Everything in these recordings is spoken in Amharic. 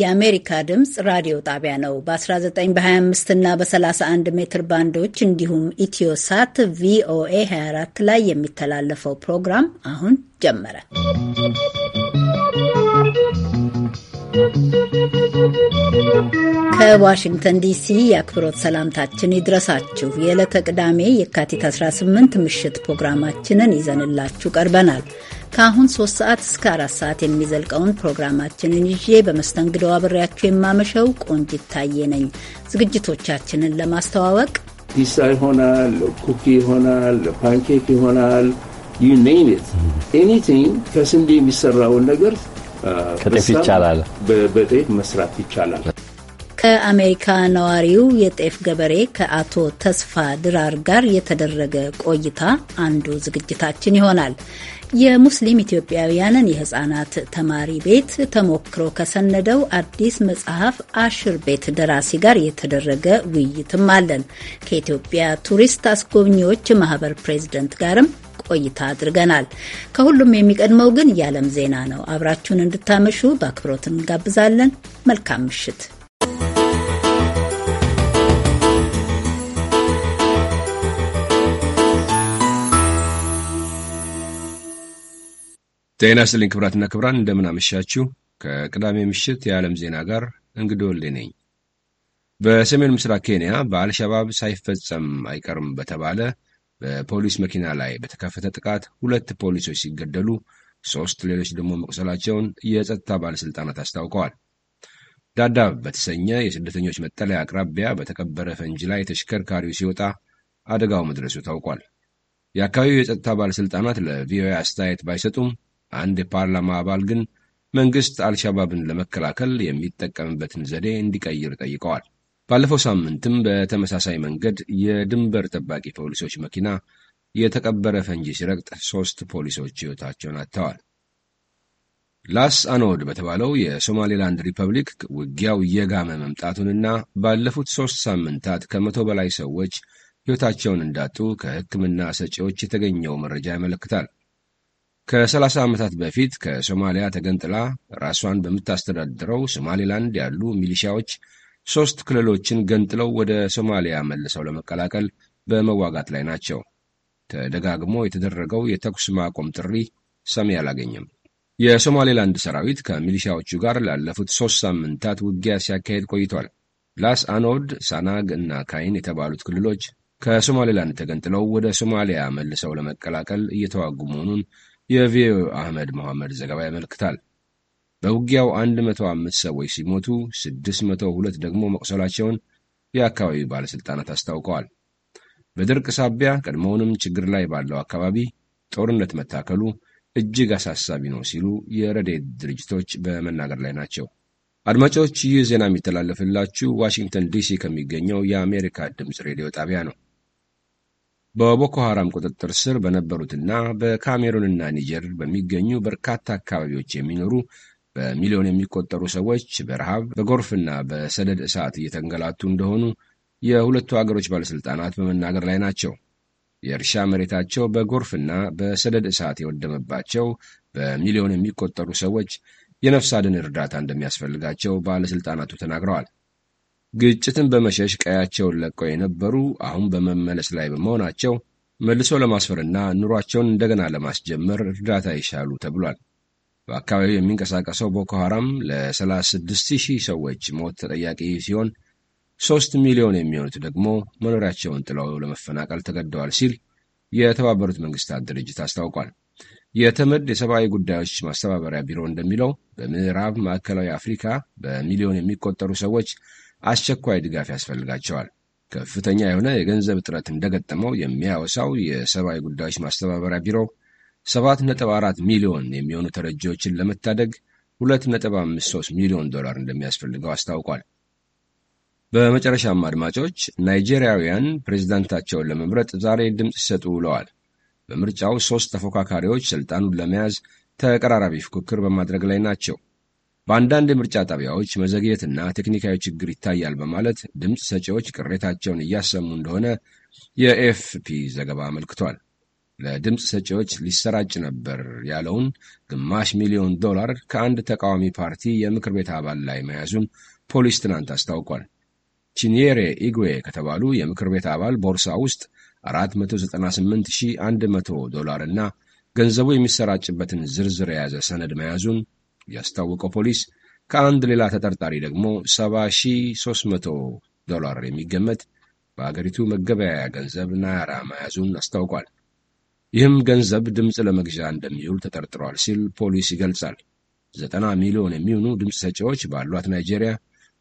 የአሜሪካ ድምፅ ራዲዮ ጣቢያ ነው። በ19 በ25 እና በ31 ሜትር ባንዶች እንዲሁም ኢትዮሳት ቪኦኤ 24 ላይ የሚተላለፈው ፕሮግራም አሁን ጀመረ። ከዋሽንግተን ዲሲ የአክብሮት ሰላምታችን ይድረሳችሁ። የዕለተ ቅዳሜ የካቲት 18 ምሽት ፕሮግራማችንን ይዘንላችሁ ቀርበናል። ከአሁን ሶስት ሰዓት እስከ አራት ሰዓት የሚዘልቀውን ፕሮግራማችንን ይዤ በመስተንግዶ አብሬያችሁ የማመሸው ቆንጂት ታዬ ነኝ። ዝግጅቶቻችንን ለማስተዋወቅ ፒሳ ይሆናል፣ ኩኪ ይሆናል፣ ፓንኬክ ይሆናል፣ ዩ ኔም ኢት ኤኒቲንግ ከስንዴ የሚሰራውን ነገር ከጤፍ ይቻላል፣ በጤፍ መስራት ይቻላል። ከአሜሪካ ነዋሪው የጤፍ ገበሬ ከአቶ ተስፋ ድራር ጋር የተደረገ ቆይታ አንዱ ዝግጅታችን ይሆናል። የሙስሊም ኢትዮጵያውያንን የህጻናት ተማሪ ቤት ተሞክሮ ከሰነደው አዲስ መጽሐፍ አሽር ቤት ደራሲ ጋር የተደረገ ውይይትም አለን። ከኢትዮጵያ ቱሪስት አስጎብኚዎች ማህበር ፕሬዝደንት ጋርም ቆይታ አድርገናል። ከሁሉም የሚቀድመው ግን የዓለም ዜና ነው። አብራችሁን እንድታመሹ በአክብሮት እንጋብዛለን። መልካም ምሽት። ጤና ይስጥልኝ ክብራትና ክብራን፣ እንደምን አመሻችሁ። ከቅዳሜ ምሽት የዓለም ዜና ጋር እንግዶ ነኝ። በሰሜን ምስራቅ ኬንያ በአልሸባብ ሳይፈጸም አይቀርም በተባለ በፖሊስ መኪና ላይ በተከፈተ ጥቃት ሁለት ፖሊሶች ሲገደሉ ሦስት ሌሎች ደግሞ መቁሰላቸውን የጸጥታ ባለሥልጣናት አስታውቀዋል። ዳዳብ በተሰኘ የስደተኞች መጠለያ አቅራቢያ በተቀበረ ፈንጂ ላይ ተሽከርካሪው ሲወጣ አደጋው መድረሱ ታውቋል። የአካባቢው የጸጥታ ባለሥልጣናት ለቪኦኤ አስተያየት ባይሰጡም አንድ የፓርላማ አባል ግን መንግሥት አልሻባብን ለመከላከል የሚጠቀምበትን ዘዴ እንዲቀይር ጠይቀዋል። ባለፈው ሳምንትም በተመሳሳይ መንገድ የድንበር ጠባቂ ፖሊሶች መኪና የተቀበረ ፈንጂ ሲረግጥ ሦስት ፖሊሶች ሕይወታቸውን አጥተዋል። ላስ አኖድ በተባለው የሶማሌላንድ ሪፐብሊክ ውጊያው እየጋመ መምጣቱንና ባለፉት ሦስት ሳምንታት ከመቶ በላይ ሰዎች ሕይወታቸውን እንዳጡ ከሕክምና ሰጪዎች የተገኘው መረጃ ያመለክታል። ከ30 ዓመታት በፊት ከሶማሊያ ተገንጥላ ራሷን በምታስተዳድረው ሶማሊላንድ ያሉ ሚሊሺያዎች ሦስት ክልሎችን ገንጥለው ወደ ሶማሊያ መልሰው ለመቀላቀል በመዋጋት ላይ ናቸው። ተደጋግሞ የተደረገው የተኩስ ማቆም ጥሪ ሰሚ አላገኘም። የሶማሌላንድ ሰራዊት ከሚሊሻዎቹ ጋር ላለፉት ሦስት ሳምንታት ውጊያ ሲያካሄድ ቆይቷል። ላስ አኖድ፣ ሳናግ እና ካይን የተባሉት ክልሎች ከሶማሌላንድ ተገንጥለው ወደ ሶማሊያ መልሰው ለመቀላቀል እየተዋጉ መሆኑን የቪኦኤ አህመድ መሐመድ ዘገባ ያመልክታል። በውጊያው 105 ሰዎች ሲሞቱ 602 ደግሞ መቁሰላቸውን የአካባቢው ባለሥልጣናት አስታውቀዋል። በድርቅ ሳቢያ ቀድሞውንም ችግር ላይ ባለው አካባቢ ጦርነት መታከሉ እጅግ አሳሳቢ ነው ሲሉ የረድኤት ድርጅቶች በመናገር ላይ ናቸው። አድማጮች፣ ይህ ዜና የሚተላለፍላችሁ ዋሽንግተን ዲሲ ከሚገኘው የአሜሪካ ድምፅ ሬዲዮ ጣቢያ ነው። በቦኮ ሐራም ቁጥጥር ስር በነበሩትና በካሜሩንና ኒጀር በሚገኙ በርካታ አካባቢዎች የሚኖሩ በሚሊዮን የሚቆጠሩ ሰዎች በረሃብ በጎርፍና በሰደድ እሳት እየተንገላቱ እንደሆኑ የሁለቱ አገሮች ባለሥልጣናት በመናገር ላይ ናቸው። የእርሻ መሬታቸው በጎርፍና በሰደድ እሳት የወደመባቸው በሚሊዮን የሚቆጠሩ ሰዎች የነፍስ አድን እርዳታ እንደሚያስፈልጋቸው ባለሥልጣናቱ ተናግረዋል። ግጭትን በመሸሽ ቀያቸውን ለቀው የነበሩ አሁን በመመለስ ላይ በመሆናቸው መልሶ ለማስፈርና ኑሯቸውን እንደገና ለማስጀመር እርዳታ ይሻሉ ተብሏል። በአካባቢው የሚንቀሳቀሰው ቦኮ ሐራም ለ36,000 ሰዎች ሞት ተጠያቂ ሲሆን ሶስት ሚሊዮን የሚሆኑት ደግሞ መኖሪያቸውን ጥለው ለመፈናቀል ተገደዋል ሲል የተባበሩት መንግስታት ድርጅት አስታውቋል። የተመድ የሰብአዊ ጉዳዮች ማስተባበሪያ ቢሮ እንደሚለው በምዕራብ ማዕከላዊ አፍሪካ በሚሊዮን የሚቆጠሩ ሰዎች አስቸኳይ ድጋፍ ያስፈልጋቸዋል። ከፍተኛ የሆነ የገንዘብ እጥረት እንደገጠመው የሚያወሳው የሰብአዊ ጉዳዮች ማስተባበሪያ ቢሮ 7.4 ሚሊዮን የሚሆኑ ተረጂዎችን ለመታደግ 2.53 ሚሊዮን ዶላር እንደሚያስፈልገው አስታውቋል። በመጨረሻም አድማጮች፣ ናይጄሪያውያን ፕሬዝዳንታቸውን ለመምረጥ ዛሬ ድምፅ ሲሰጡ ውለዋል። በምርጫው ሦስት ተፎካካሪዎች ሥልጣኑን ለመያዝ ተቀራራቢ ፉክክር በማድረግ ላይ ናቸው። በአንዳንድ የምርጫ ጣቢያዎች መዘግየትና ቴክኒካዊ ችግር ይታያል በማለት ድምፅ ሰጪዎች ቅሬታቸውን እያሰሙ እንደሆነ የኤፍፒ ዘገባ አመልክቷል። ለድምፅ ሰጪዎች ሊሰራጭ ነበር ያለውን ግማሽ ሚሊዮን ዶላር ከአንድ ተቃዋሚ ፓርቲ የምክር ቤት አባል ላይ መያዙን ፖሊስ ትናንት አስታውቋል። ቺኒየሬ ኢግዌ ከተባሉ የምክር ቤት አባል ቦርሳ ውስጥ 498100 ዶላር እና ገንዘቡ የሚሰራጭበትን ዝርዝር የያዘ ሰነድ መያዙን ያስታወቀው ፖሊስ ከአንድ ሌላ ተጠርጣሪ ደግሞ 7,300 ዶላር የሚገመት በአገሪቱ መገበያያ ገንዘብ ናያራ መያዙን አስታውቋል። ይህም ገንዘብ ድምፅ ለመግዣ እንደሚውል ተጠርጥሯል ሲል ፖሊስ ይገልጻል። ዘጠና ሚሊዮን የሚሆኑ ድምፅ ሰጪዎች ባሏት ናይጄሪያ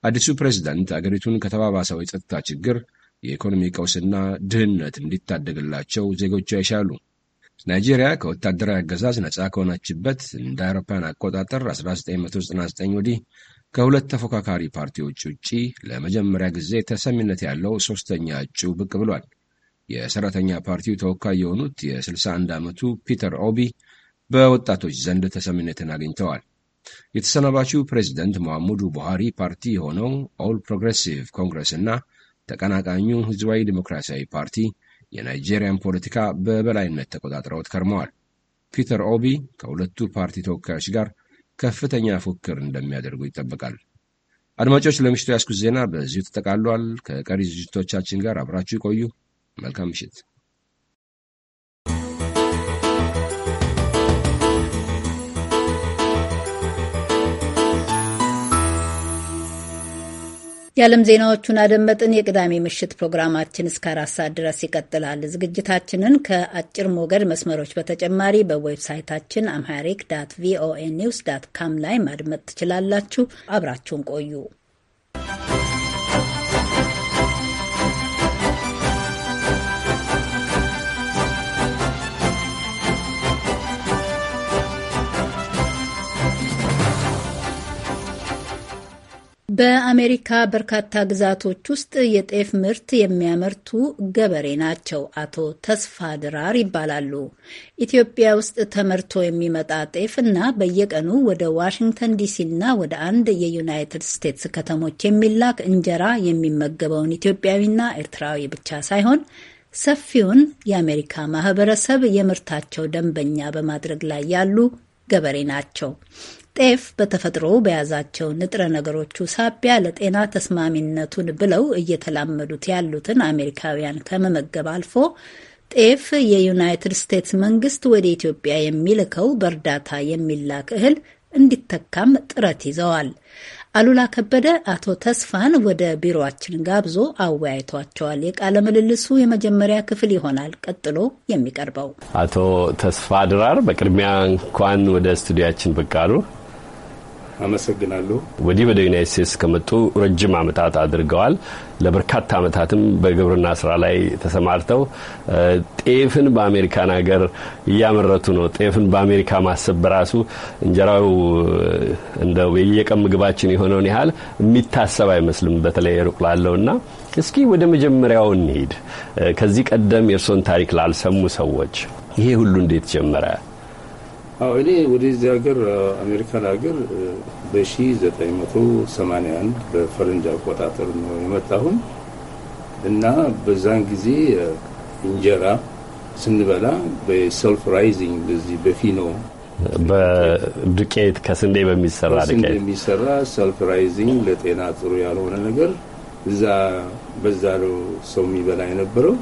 አዲሱ ፕሬዝዳንት አገሪቱን ከተባባሰው የጸጥታ ችግር፣ የኢኮኖሚ ቀውስና ድህነት እንዲታደግላቸው ዜጎቿ ይሻሉ። ናይጄሪያ ከወታደራዊ አገዛዝ ነጻ ከሆነችበት እንደ አውሮፓውያን አቆጣጠር 1999 ወዲህ ከሁለት ተፎካካሪ ፓርቲዎች ውጪ ለመጀመሪያ ጊዜ ተሰሚነት ያለው ሶስተኛ እጩ ብቅ ብሏል። የሰራተኛ ፓርቲው ተወካይ የሆኑት የ61 ዓመቱ ፒተር ኦቢ በወጣቶች ዘንድ ተሰሚነትን አግኝተዋል። የተሰናባቹ ፕሬዚደንት መሐሙዱ ቡሃሪ ፓርቲ የሆነው ኦል ፕሮግሬሲቭ ኮንግረስ እና ተቀናቃኙ ህዝባዊ ዲሞክራሲያዊ ፓርቲ የናይጄሪያን ፖለቲካ በበላይነት ተቆጣጥረውት ከርመዋል። ፒተር ኦቢ ከሁለቱ ፓርቲ ተወካዮች ጋር ከፍተኛ ፉክክር እንደሚያደርጉ ይጠበቃል። አድማጮች፣ ለምሽቱ ያስኩት ዜና በዚሁ ተጠቃሏል። ከቀሪ ዝግጅቶቻችን ጋር አብራችሁ ይቆዩ። መልካም ምሽት። የዓለም ዜናዎቹን አደመጥን። የቅዳሜ ምሽት ፕሮግራማችን እስከ አራት ሰዓት ድረስ ይቀጥላል። ዝግጅታችንን ከአጭር ሞገድ መስመሮች በተጨማሪ በዌብሳይታችን አምሃሪክ ዳት ቪኦኤ ኒውስ ዳት ካም ላይ ማድመጥ ትችላላችሁ። አብራችሁን ቆዩ። በአሜሪካ በርካታ ግዛቶች ውስጥ የጤፍ ምርት የሚያመርቱ ገበሬ ናቸው። አቶ ተስፋ ድራር ይባላሉ። ኢትዮጵያ ውስጥ ተመርቶ የሚመጣ ጤፍ እና በየቀኑ ወደ ዋሽንግተን ዲሲ እና ወደ አንድ የዩናይትድ ስቴትስ ከተሞች የሚላክ እንጀራ የሚመገበውን ኢትዮጵያዊና ኤርትራዊ ብቻ ሳይሆን ሰፊውን የአሜሪካ ማህበረሰብ የምርታቸው ደንበኛ በማድረግ ላይ ያሉ ገበሬ ናቸው። ጤፍ በተፈጥሮ በያዛቸው ንጥረ ነገሮቹ ሳቢያ ለጤና ተስማሚነቱን ብለው እየተላመዱት ያሉትን አሜሪካውያን ከመመገብ አልፎ ጤፍ የዩናይትድ ስቴትስ መንግስት ወደ ኢትዮጵያ የሚልከው በእርዳታ የሚላክ እህል እንዲተካም ጥረት ይዘዋል። አሉላ ከበደ አቶ ተስፋን ወደ ቢሮአችን ጋብዞ አወያይቷቸዋል። የቃለ ምልልሱ የመጀመሪያ ክፍል ይሆናል ቀጥሎ የሚቀርበው። አቶ ተስፋ ድራር በቅድሚያ እንኳን ወደ ስቱዲያችን ብቅ አሉ። አመሰግናለሁ። ወዲህ ወደ ዩናይት ስቴትስ ከመጡ ረጅም ዓመታት አድርገዋል። ለበርካታ ዓመታትም በግብርና ስራ ላይ ተሰማርተው ጤፍን በአሜሪካን ሀገር እያመረቱ ነው። ጤፍን በአሜሪካ ማሰብ በራሱ እንጀራው እንደው የየቀን ምግባችን የሆነውን ያህል የሚታሰብ አይመስልም፣ በተለይ ሩቅ ላለው እና እስኪ ወደ መጀመሪያው እንሂድ። ከዚህ ቀደም የእርሶን ታሪክ ላልሰሙ ሰዎች ይሄ ሁሉ እንዴት ጀመረ? አዎ እኔ ወደዚህ ሀገር አሜሪካን ሀገር በ1981 በፈረንጅ አቆጣጠር ነው የመጣሁን እና በዛን ጊዜ እንጀራ ስንበላ በሰልፍ ራይዚንግ በዚህ በፊኖ በዱቄት ከስንዴ በሚሰራ ዱቄት የሚሰራ ሰልፍ ራይዚንግ ለጤና ጥሩ ያልሆነ ነገር እዛ በዛ ነው ሰው የሚበላ የነበረው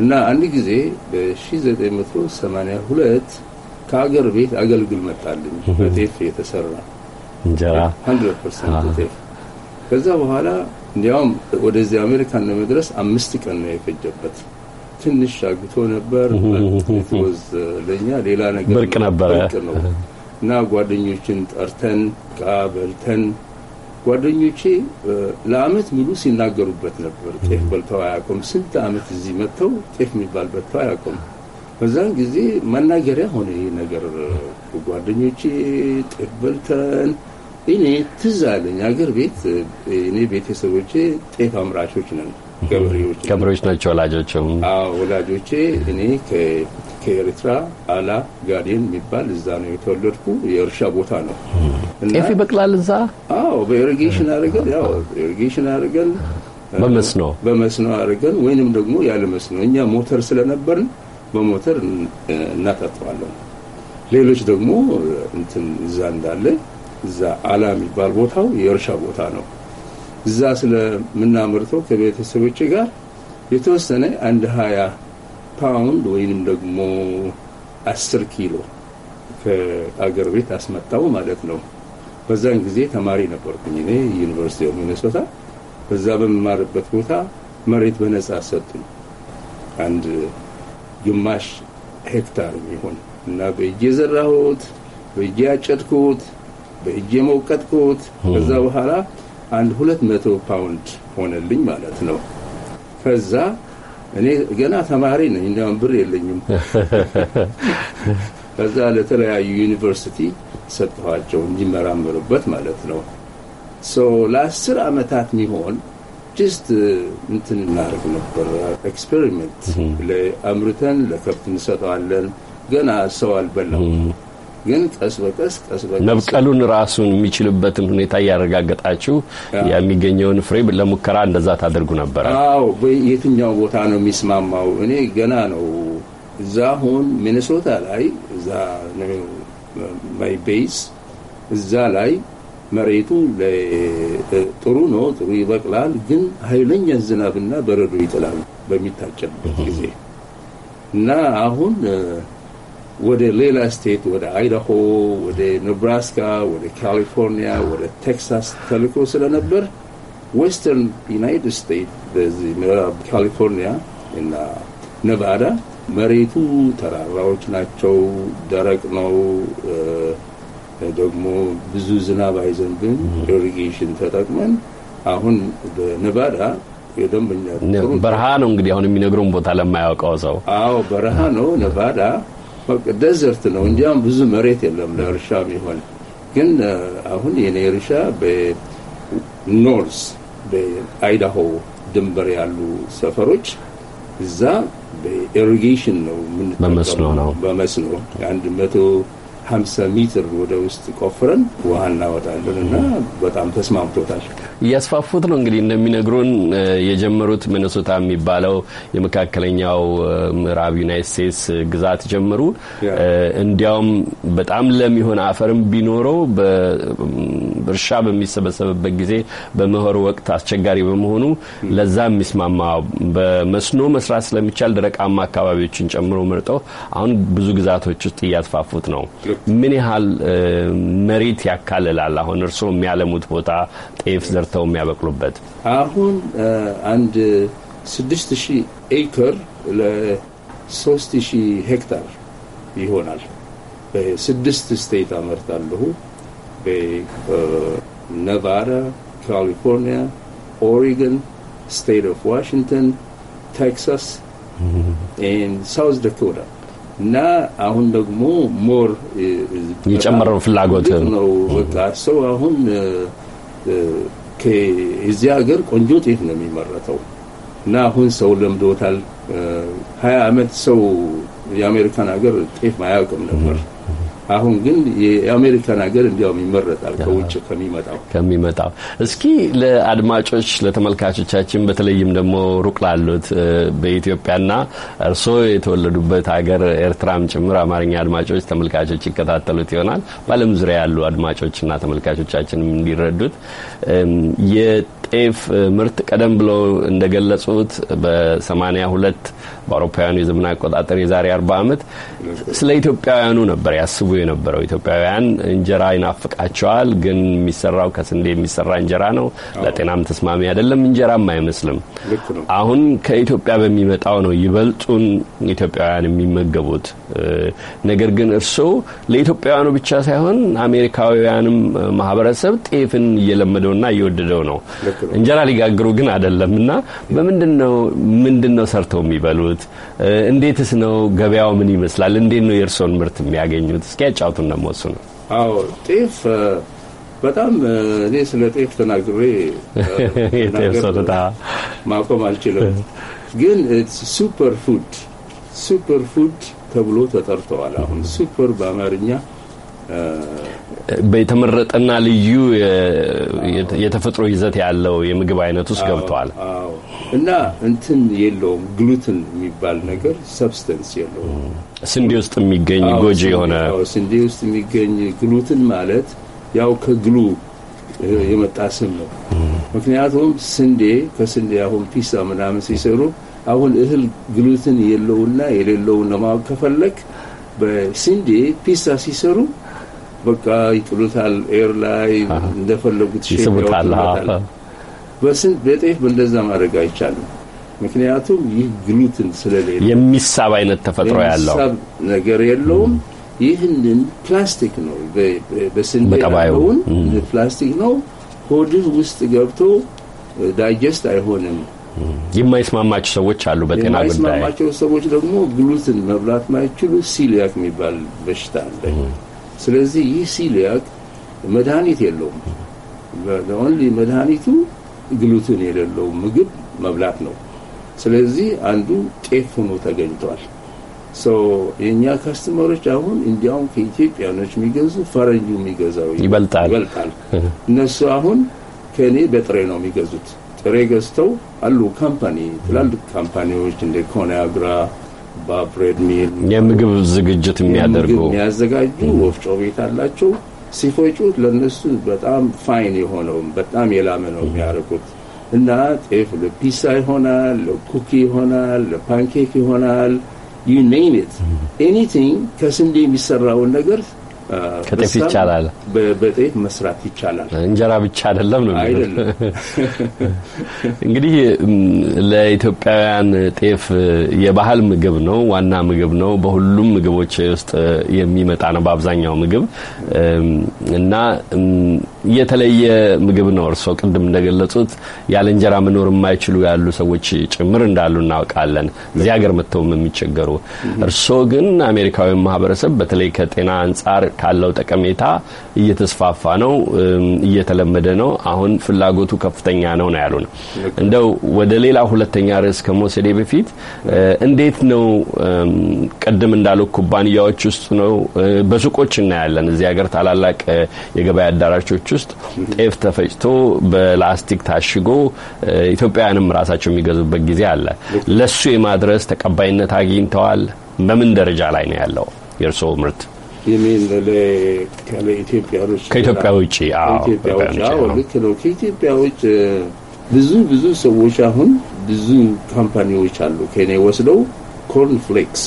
እና አንድ ጊዜ በ1982 ከአገር ቤት አገልግል መጣልኝ በጤፍ የተሰራ እንጀራ 100% ከዛ በኋላ እንዲያውም ወደዚህ አሜሪካን ለመድረስ አምስት ቀን ነው የፈጀበት። ትንሽ አግቶ ነበር ወዝ ለኛ ሌላ ነገር ብርቅ ነበረ እና ጓደኞችን ጠርተን ቃ በልተን ጓደኞቼ ለአመት ሙሉ ሲናገሩበት ነበር። ጤፍ በልተው አያቆም ስንት አመት እዚህ መጥተው ጤፍ የሚባል በልተው አያቆም በዛን ጊዜ መናገሪያ ሆነ ይሄ ነገር። ጓደኞቼ ጥድ በልተን እኔ ትዝ አለኝ አገር ቤት እኔ ቤተሰቦቼ ጤፍ አምራቾች ነን፣ ገበሬዎች ገበሬዎች ናቸው ወላጆችም። አዎ ወላጆቼ እኔ ከኤርትራ አላ ጋዴን የሚባል እዛ ነው የተወለድኩ። የእርሻ ቦታ ነው። ጤፍ ይበቅላል እዛ። አዎ በኢሪጌሽን አድርገን ያው ኢሪጌሽን አድርገን በመስኖ በመስኖ አድርገን ወይንም ደግሞ ያለ መስኖ እኛ ሞተር ስለነበርን በሞተር እናጠጣዋለን። ሌሎች ደግሞ እንትን እዛ እንዳለ እዛ አላ የሚባል ቦታው የእርሻ ቦታ ነው። እዛ ስለምናመርተው ከቤተሰቦች ጋር የተወሰነ አንድ ሀያ ፓውንድ ወይንም ደግሞ አስር ኪሎ ከአገር ቤት አስመጣው ማለት ነው። በዛን ጊዜ ተማሪ ነበርኩኝ እኔ ዩኒቨርሲቲ ኦፍ ሚኒሶታ። በዛ በምማርበት ቦታ መሬት በነጻ ሰጡኝ አንድ ግማሽ ሄክታር የሚሆን እና በእጄ የዘራሁት በእጄ ያጨድኩት በእጄ መውቀጥኩት። ከዛ በኋላ አንድ ሁለት መቶ ፓውንድ ሆነልኝ ማለት ነው። ከዛ እኔ ገና ተማሪ ነኝ፣ እንዲያውም ብር የለኝም። ከዛ ለተለያዩ ዩኒቨርሲቲ ሰጥኋቸው እንዲመራመሩበት ማለት ነው። ሶ ለአስር ዓመታት የሚሆን ጅስት እንትን እናደርግ ነበር ኤክስፔሪሜንት አምርተን ለከብት እንሰጠዋለን። ገና ሰው አልበላው፣ ግን ቀስ በቀስ ቀስ በቀስ መብቀሉን ራሱን የሚችልበትን ሁኔታ እያረጋገጣችሁ የሚገኘውን ፍሬ ለሙከራ እንደዛ ታደርጉ ነበረ? አዎ። የትኛው ቦታ ነው የሚስማማው? እኔ ገና ነው እዛ አሁን ሚኒሶታ ላይ እዛ ማይ ቤዝ እዛ ላይ መሬቱ ጥሩ ነው፣ ጥሩ ይበቅላል። ግን ኃይለኛ ዝናብና በረዶ ይጥላል በሚታጨበት ጊዜ እና አሁን ወደ ሌላ ስቴት ወደ አይዳሆ፣ ወደ ኔብራስካ፣ ወደ ካሊፎርኒያ፣ ወደ ቴክሳስ ተልኮ ስለነበር ዌስተርን ዩናይትድ ስቴትስ በዚህ ምዕራብ ካሊፎርኒያ እና ነቫዳ መሬቱ ተራራዎች ናቸው፣ ደረቅ ነው። ደግሞ ብዙ ዝናብ አይዘንብም። ኢሪጌሽን ተጠቅመን አሁን በነቫዳ የደንበኛ በረሃ ነው እንግዲህ አሁን የሚነግረውን ቦታ ለማያውቀው ሰው አዎ በረሃ ነው ኔቫዳ ደዘርት ነው እንዲያም ብዙ መሬት የለም ለእርሻ የሚሆን ግን አሁን የኔ እርሻ በኖርስ በአይዳሆ ድንበር ያሉ ሰፈሮች እዛ በኢሪጌሽን ነው በመስኖ ነው በመስኖ አንድ መቶ ሀምሳ ሜትር ወደ ውስጥ ቆፍረን ውሃ እናወጣለን እና በጣም ተስማምቶታል። እያስፋፉት ነው። እንግዲህ እንደሚነግሩን የጀመሩት ሚኒሶታ የሚባለው የመካከለኛው ምዕራብ ዩናይት ስቴትስ ግዛት ጀመሩ። እንዲያውም በጣም ለም የሆነ አፈርም ቢኖረው እርሻ በሚሰበሰብበት ጊዜ በመኸር ወቅት አስቸጋሪ በመሆኑ ለዛ የሚስማማ በመስኖ መስራት ስለሚቻል ደረቃማ አካባቢዎችን ጨምሮ መርጠው አሁን ብዙ ግዛቶች ውስጥ እያስፋፉት ነው። ምን ያህል መሬት ያካልላል? አሁን እርስዎ የሚያለሙት ቦታ ጤፍ ዘር ዘርተው የሚያበቅሉበት አሁን አንድ ስድስት ሺህ ኤከር ለሶስት ሺህ ሄክታር ይሆናል። በስድስት ስቴት አመርታለሁ። በነቫዳ፣ ካሊፎርኒያ፣ ኦሪገን፣ ስቴት ኦፍ ዋሽንግተን፣ ቴክሳስ ሳውዝ ዳኮታ እና አሁን ደግሞ ሞር የጨመረው ፍላጎት ነው። በቃ ሰው አሁን እዚህ ሀገር ቆንጆ ጤፍ ነው የሚመረተው እና አሁን ሰው ለምዶታል። ሀያ አመት ሰው የአሜሪካን ሀገር ጤፍ አያውቅም ነበር። አሁን ግን የአሜሪካን ሀገር እንዲያውም ይመረጣል ከውጭ ከሚመጣው ከሚመጣው። እስኪ ለአድማጮች ለተመልካቾቻችን፣ በተለይም ደግሞ ሩቅ ላሉት በኢትዮጵያና እርስዎ የተወለዱበት ሀገር ኤርትራም ጭምር አማርኛ አድማጮች ተመልካቾች ይከታተሉት ይሆናል። በአለም ዙሪያ ያሉ አድማጮችና ተመልካቾቻችንም እንዲረዱት ጤፍ ምርት ቀደም ብሎ እንደገለጹት በ82 በአውሮፓውያኑ የዘመን አቆጣጠር የዛሬ 40 ዓመት ስለ ኢትዮጵያውያኑ ነበር ያስቡ የነበረው። ኢትዮጵያውያን እንጀራ ይናፍቃቸዋል፣ ግን የሚሰራው ከስንዴ የሚሰራ እንጀራ ነው። ለጤናም ተስማሚ አይደለም፣ እንጀራም አይመስልም። አሁን ከኢትዮጵያ በሚመጣው ነው ይበልጡን ኢትዮጵያውያን የሚመገቡት። ነገር ግን እርስዎ ለኢትዮጵያውያኑ ብቻ ሳይሆን አሜሪካውያንም ማህበረሰብ ጤፍን እየለመደውና እየወደደው ነው። እንጀራ ሊጋግሩ ግን አይደለም እና በምንድነው ምንድነው ሰርተው የሚበሉት? እንዴትስ ነው ገበያው ምን ይመስላል? እንዴት ነው የእርሶን ምርት የሚያገኙት? እስኪ ያጫውቱን ደግሞ ነው። አዎ ጤፍ በጣም እኔ ስለ ጤፍ ተናግሬ ማቆም አልችልም። ግን ሱፐር ፉድ ሱፐር ፉድ ተብሎ ተጠርተዋል። አሁን ሱፐር በአማርኛ የተመረጠና ልዩ የተፈጥሮ ይዘት ያለው የምግብ አይነት ውስጥ ገብተዋል እና እንትን የለውም ግሉትን የሚባል ነገር ሰብስተንስ የለውም። ስንዴ ውስጥ የሚገኝ ጎጂ የሆነ ስንዴ ውስጥ የሚገኝ ግሉትን ማለት ያው ከግሉ የመጣ ስም ነው። ምክንያቱም ስንዴ ከስንዴ አሁን ፒሳ ምናምን ሲሰሩ አሁን እህል ግሉትን የለውና የሌለውን ለማወቅ ከፈለግ በስንዴ ፒሳ ሲሰሩ በቃ ይጥሉታል። ኤር ላይ እንደፈለጉት ይስቡታል። በጤፍ እንደዛ ማድረግ አይቻልም። ምክንያቱም ይህ ግሉትን ስለሌለ የሚሳብ አይነት ተፈጥሮ ያለው ነገር የለውም። ይህንን ፕላስቲክ ነው፣ በስንዴ ፕላስቲክ ነው። ሆድህ ውስጥ ገብቶ ዳይጀስት አይሆንም። የማይስማማቸው ሰዎች አሉ። በጤና ጉዳይ የማይስማማቸው ሰዎች ደግሞ ግሉትን መብላት ማይችሉ ሲሊያክ የሚባል በሽታ አለ። ስለዚህ ይህ ሲሊያክ መድኃኒት የለውም። ኦንሊ መድኃኒቱ ግሉትን የሌለው ምግብ መብላት ነው። ስለዚህ አንዱ ጤፍ ሆኖ ተገኝቷል። የእኛ ከስተመሮች አሁን እንዲያውም ከኢትዮጵያኖች የሚገዙ ፈረንጁ የሚገዛው ይበልጣል። እነሱ አሁን ከእኔ በጥሬ ነው የሚገዙት። ጥሬ ገዝተው አሉ ካምፓኒ ትላልቅ ካምፓኒዎች እንደ ኮናግራ በአፕሬድ ሚል የምግብ ዝግጅት የሚያደርጉ የሚያዘጋጁ ወፍጮ ቤት አላቸው። ሲፎጩ ለነሱ በጣም ፋይን የሆነው በጣም የላመ ነው የሚያደርጉት እና ጤፍ ለፒሳ ይሆናል፣ ለኩኪ ይሆናል፣ ለፓንኬክ ይሆናል ዩ ኔም ኢት ኤኒቲንግ ከስንዴ የሚሰራውን ነገር ከጤፍ ይቻላል፣ በጤፍ መስራት ይቻላል። እንጀራ ብቻ አይደለም ነው አይደለም። እንግዲህ ለኢትዮጵያውያን ጤፍ የባህል ምግብ ነው፣ ዋና ምግብ ነው። በሁሉም ምግቦች ውስጥ የሚመጣ ነው፣ በአብዛኛው ምግብ እና የተለየ ምግብ ነው። እርስዎ ቅድም እንደገለጹት ያለ እንጀራ መኖር የማይችሉ ያሉ ሰዎች ጭምር እንዳሉ እናውቃለን፣ እዚህ ሀገር መጥተውም የሚቸገሩ። እርስዎ ግን አሜሪካዊ ማህበረሰብ በተለይ ከጤና አንጻር ካለው ጠቀሜታ እየተስፋፋ ነው፣ እየተለመደ ነው፣ አሁን ፍላጎቱ ከፍተኛ ነው ነው ያሉን። እንደው ወደ ሌላ ሁለተኛ ርዕስ ከመውሰዴ በፊት እንዴት ነው ቅድም እንዳሉ ኩባንያዎች ውስጥ ነው በሱቆች እናያለን፣ እዚህ ሀገር ታላላቅ የገበያ አዳራሾች ውስጥ ጤፍ ተፈጭቶ በላስቲክ ታሽጎ ኢትዮጵያውያንም ራሳቸው የሚገዙበት ጊዜ አለ። ለሱ የማድረስ ተቀባይነት አግኝተዋል። በምን ደረጃ ላይ ነው ያለው የእርስዎ ምርት? ከኢትዮጵያ ውጭ ከኢትዮጵያ ውጭ ብዙ ብዙ ሰዎች አሁን ብዙ ካምፓኒዎች አሉ ከኔ ወስደው ኮርን ፍሌክስ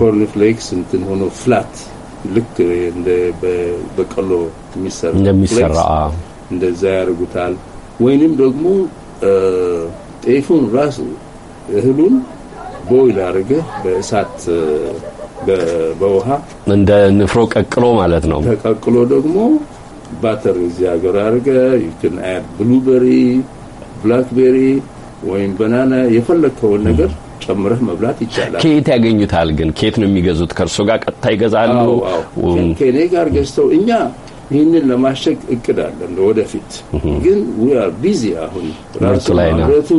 ኮርን ፍሌክስ እንትን ሆኖ ፍላት ልክ በቀሎ የሚሰራ እንደዛ ያደርጉታል። ወይንም ደግሞ ጤፉን ራሱ እህሉን ቦይል አድርገ በእሳት በውሃ እንደ ንፍሮ ቀቅሎ ማለት ነው። ተቀቅሎ ደግሞ ባተር እዚህ ሀገር አድርገ ዩን ብሉበሪ፣ ብላክቤሪ ወይም በናና የፈለግከውን ነገር ጨምረህ መብላት ይቻላል። ከየት ያገኙታል ግን? ከየት ነው የሚገዙት? ከእርሶ ጋር ቀጥታ ይገዛሉ? ከኔ ጋር ገዝተው እኛ ይህንን ለማሸግ እቅድ አለን ወደፊት። ግን ዊአር ቢዚ አሁን ራሱ ማምረቱ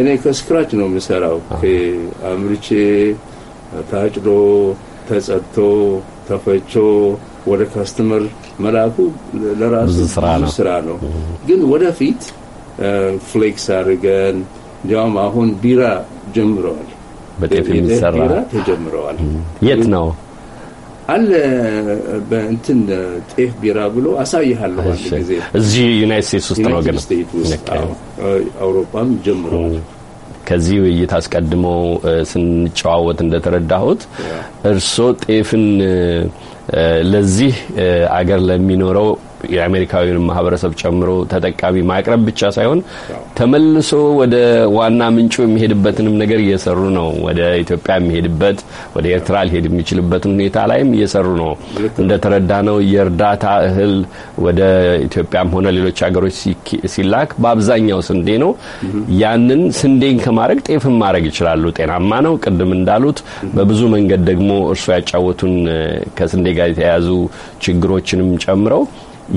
እኔ ከስክራች ነው የምሰራው። አምርቼ ታጭዶ ተጸጥቶ ተፈቾ ወደ ካስተመር መላኩ ለራሱ ስራ ነው። ግን ወደፊት ፍሌክስ አድርገን እንዲያውም አሁን ቢራ ጀምረዋል። በጤፍ የሚሰራ ተጀምረዋል። የት ነው አለ በእንትን ጤፍ ቢራ ብሎ አሳይሃለሁ። አንድ ጊዜ እዚህ ዩናይት ስቴትስ ውስጥ ነው፣ ግን አውሮፓም ጀምረዋል። ከዚህ ውይይት አስቀድሞ ስንጨዋወት እንደተረዳሁት እርስዎ ጤፍን ለዚህ አገር ለሚኖረው የአሜሪካዊውን ማህበረሰብ ጨምሮ ተጠቃሚ ማቅረብ ብቻ ሳይሆን ተመልሶ ወደ ዋና ምንጩ የሚሄድበትንም ነገር እየሰሩ ነው። ወደ ኢትዮጵያ የሚሄድበት ወደ ኤርትራ ሊሄድ የሚችልበትን ሁኔታ ላይም እየሰሩ ነው። እንደተረዳ ነው የእርዳታ እህል ወደ ኢትዮጵያም ሆነ ሌሎች ሀገሮች ሲላክ በአብዛኛው ስንዴ ነው። ያንን ስንዴን ከማድረግ ጤፍን ማድረግ ይችላሉ። ጤናማ ነው። ቅድም እንዳሉት በብዙ መንገድ ደግሞ እርሱ ያጫወቱን ከስንዴ ጋር የተያያዙ ችግሮችንም ጨምረው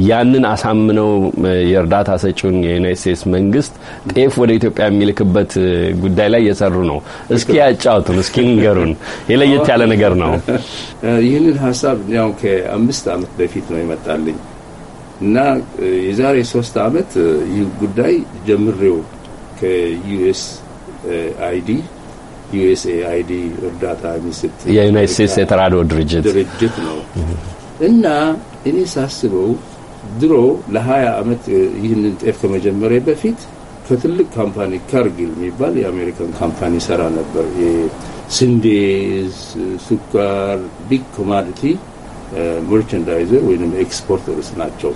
ያንን አሳምነው የእርዳታ ሰጪውን የዩናይት ስቴትስ መንግስት ጤፍ ወደ ኢትዮጵያ የሚልክበት ጉዳይ ላይ እየሰሩ ነው። እስኪ ያጫውቱን፣ እስኪ ንገሩን። የለየት ያለ ነገር ነው። ይህንን ሀሳብ ያው ከአምስት አመት በፊት ነው ይመጣልኝ እና የዛሬ ሶስት አመት ይህ ጉዳይ ጀምሬው ከዩኤስ አይዲ ዩኤስኤ አይዲ እርዳታ የሚሰጥ የዩናይት ስቴትስ የተራድኦ ድርጅት ድርጅት ነው እና እኔ ሳስበው ድሮ ለ20 ዓመት ይህንን ጤፍ ከመጀመሪያ በፊት ከትልቅ ካምፓኒ ካርጊል የሚባል የአሜሪካን ካምፓኒ ሰራ ነበር። ስንዴ፣ ስኳር፣ ቢግ ኮማዲቲ መርቸንዳይዘር ወይም ኤክስፖርተርስ ናቸው።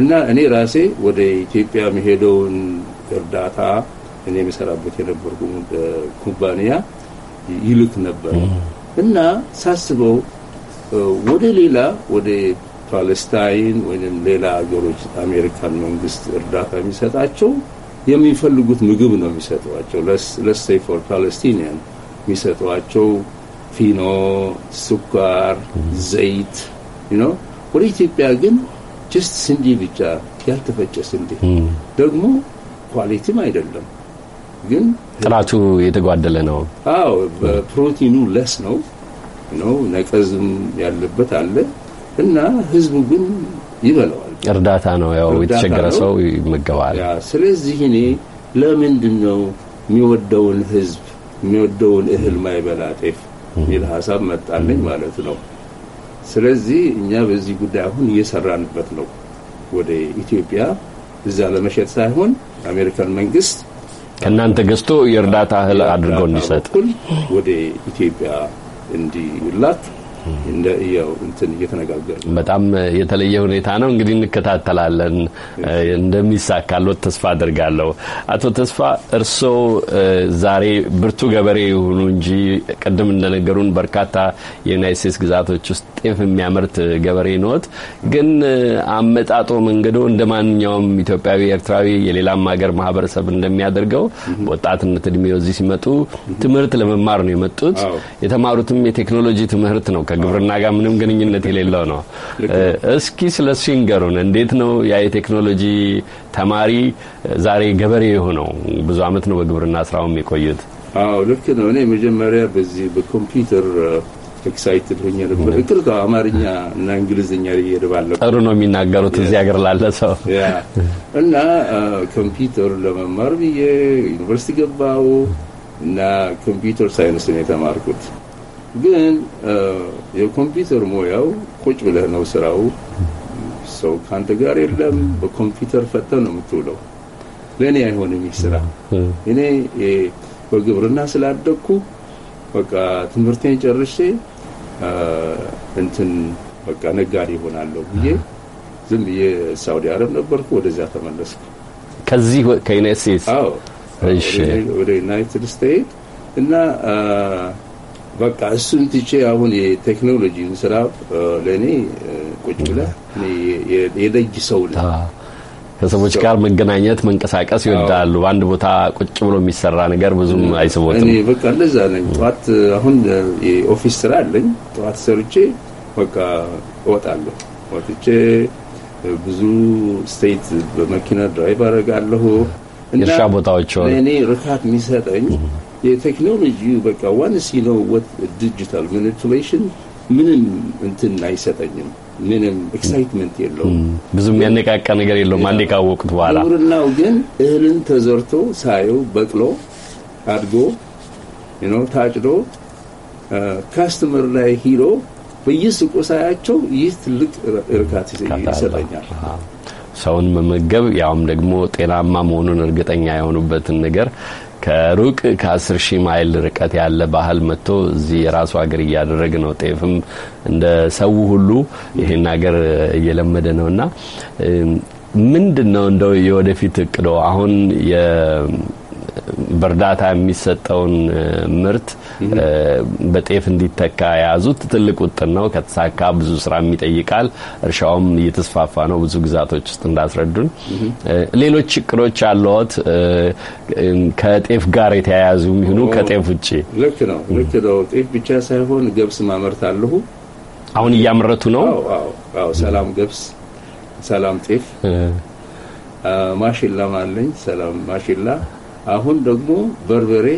እና እኔ ራሴ ወደ ኢትዮጵያ መሄደውን እርዳታ እኔ የሚሰራበት የነበርኩ ኩባንያ ይልክ ነበር እና ሳስበው ወደ ሌላ ወደ ፓለስታይን ወይም ሌላ ሀገሮች አሜሪካን መንግስት እርዳታ የሚሰጣቸው የሚፈልጉት ምግብ ነው የሚሰጠዋቸው። ለስቴ ፎር ፓለስቲኒያን የሚሰጠዋቸው ፊኖ፣ ስኳር፣ ዘይት ነው። ወደ ኢትዮጵያ ግን ጅስት ስንዴ ብቻ ያልተፈጨ ስንዴ ደግሞ ኳሊቲም አይደለም። ግን ጥራቱ የተጓደለ ነው። አዎ፣ ፕሮቲኑ ለስ ነው ነው ነቀዝም ያለበት አለ። እና ህዝቡ ግን ይበለዋል። እርዳታ ነው ያው የተቸገረ ሰው ይመገባል። ስለዚህ እኔ ለምንድን ነው የሚወደውን ህዝብ የሚወደውን እህል ማይበላ ጤፍ የሚል ሀሳብ መጣለኝ ማለት ነው። ስለዚህ እኛ በዚህ ጉዳይ አሁን እየሰራንበት ነው። ወደ ኢትዮጵያ እዛ ለመሸጥ ሳይሆን የአሜሪካን መንግስት ከእናንተ ገዝቶ የእርዳታ እህል አድርገው እንዲሰጥ ወደ ኢትዮጵያ እንዲላት? እንትን እየተነጋገር በጣም የተለየ ሁኔታ ነው። እንግዲህ እንከታተላለን እንደሚሳካሎት ተስፋ አድርጋለሁ። አቶ ተስፋ እርስዎ ዛሬ ብርቱ ገበሬ የሆኑ እንጂ ቅድም እንደነገሩን በርካታ የዩናይት ስቴትስ ግዛቶች ውስጥ ጤፍ የሚያመርት ገበሬ ኖት። ግን አመጣጦ መንገዶ እንደ ማንኛውም ኢትዮጵያዊ፣ ኤርትራዊ የሌላም ሀገር ማህበረሰብ እንደሚያደርገው በወጣትነት እድሜው እዚህ ሲመጡ ትምህርት ለመማር ነው የመጡት። የተማሩትም የቴክኖሎጂ ትምህርት ነው ከግብርና ጋር ምንም ግንኙነት የሌለው ነው። እስኪ ስለ እሱ ይንገሩን። እንዴት ነው ያ የቴክኖሎጂ ተማሪ ዛሬ ገበሬ የሆነው? ብዙ አመት ነው በግብርና ስራውም የቆዩት። አዎ ልክ ነው። እኔ መጀመሪያ በዚህ በኮምፒውተር ኤክሳይትድ ሆኜ ነበር። እቅል አማርኛ እና እንግሊዝኛ ይደባለ ጥሩ ነው የሚናገሩት እዚህ ሀገር ላለ ሰው እና ኮምፒውተር ለመማር ብዬ ዩኒቨርሲቲ ገባው እና ኮምፒውተር ሳይንስ ነው የተማርኩት። ግን የኮምፒውተር ሙያው ቁጭ ብለህ ነው ስራው። ሰው ከአንተ ጋር የለም። በኮምፒውተር ፈተ ነው የምትውለው። ለእኔ አይሆንም ይህ ስራ። እኔ በግብርና ስላደግኩ በቃ ትምህርቴን ጨርሼ እንትን በቃ ነጋዴ ይሆናለሁ ብዬ ዝም ብዬ ሳውዲ አረብ ነበርኩ። ወደዚያ ተመለስኩ። ከዚህ ከዩናይት ስቴትስ ወደ ዩናይትድ ስቴትስ እና በቃ እሱን ትቼ አሁን የቴክኖሎጂን ስራ ለእኔ ቁጭ ብለህ የደጅ ሰው ነህ። ከሰዎች ጋር መገናኘት መንቀሳቀስ ይወዳሉ። አንድ ቦታ ቁጭ ብሎ የሚሰራ ነገር ብዙም አይስቦትም። እኔ በቃ እንደዛ ነኝ። ጠዋት አሁን የኦፊስ ስራ አለኝ። ጠዋት ሰርቼ በቃ እወጣለሁ። ወጥቼ ብዙ ስቴት በመኪና ድራይቭ አደርጋለሁ። እርሻ ቦታዎች እኔ ርካት የሚሰጠኝ የቴክኖሎጂው በቃ ዋንስ ዩ ኖ ወት ዲጂታል ማኒፑሌሽን ምንም እንትን አይሰጠኝም። ምንም ኤክሳይትመንት የለውም። ብዙ የሚያነቃቃ ነገር የለውም። አንዴ ካወቁት በኋላ ግብርናው ግን እህልን ተዘርቶ ሳየው በቅሎ አድጎ ታጭዶ ካስተመር ላይ ሂሎ በየሱቁ ሳያቸው ይህ ትልቅ እርካት ይሰጠኛል። ሰውን መመገብ ያውም ደግሞ ጤናማ መሆኑን እርግጠኛ የሆኑበትን ነገር ከሩቅ ከአስር ሺህ ማይል ርቀት ያለ ባህል መጥቶ እዚህ የራሱ ሀገር እያደረግ ነው። ጤፍም እንደ ሰው ሁሉ ይህን ሀገር እየለመደ ነው እና ምንድን ነው እንደው የወደፊት እቅዶ አሁን በእርዳታ የሚሰጠውን ምርት በጤፍ እንዲተካ የያዙት ትልቅ ውጥን ነው። ከተሳካ ብዙ ስራ ይጠይቃል። እርሻውም እየተስፋፋ ነው ብዙ ግዛቶች ውስጥ እንዳስረዱን። ሌሎች እቅዶች አለዎት ከጤፍ ጋር የተያያዙ የሚሆኑ ከጤፍ ውጭ? ልክ ነው ልክ ነው። ጤፍ ብቻ ሳይሆን ገብስ ማመርት አለሁ። አሁን እያመረቱ ነው። ሰላም ገብስ፣ ሰላም ጤፍ፣ ማሽላም አለኝ። ሰላም ማሽላ አሁን ደግሞ በርበሬ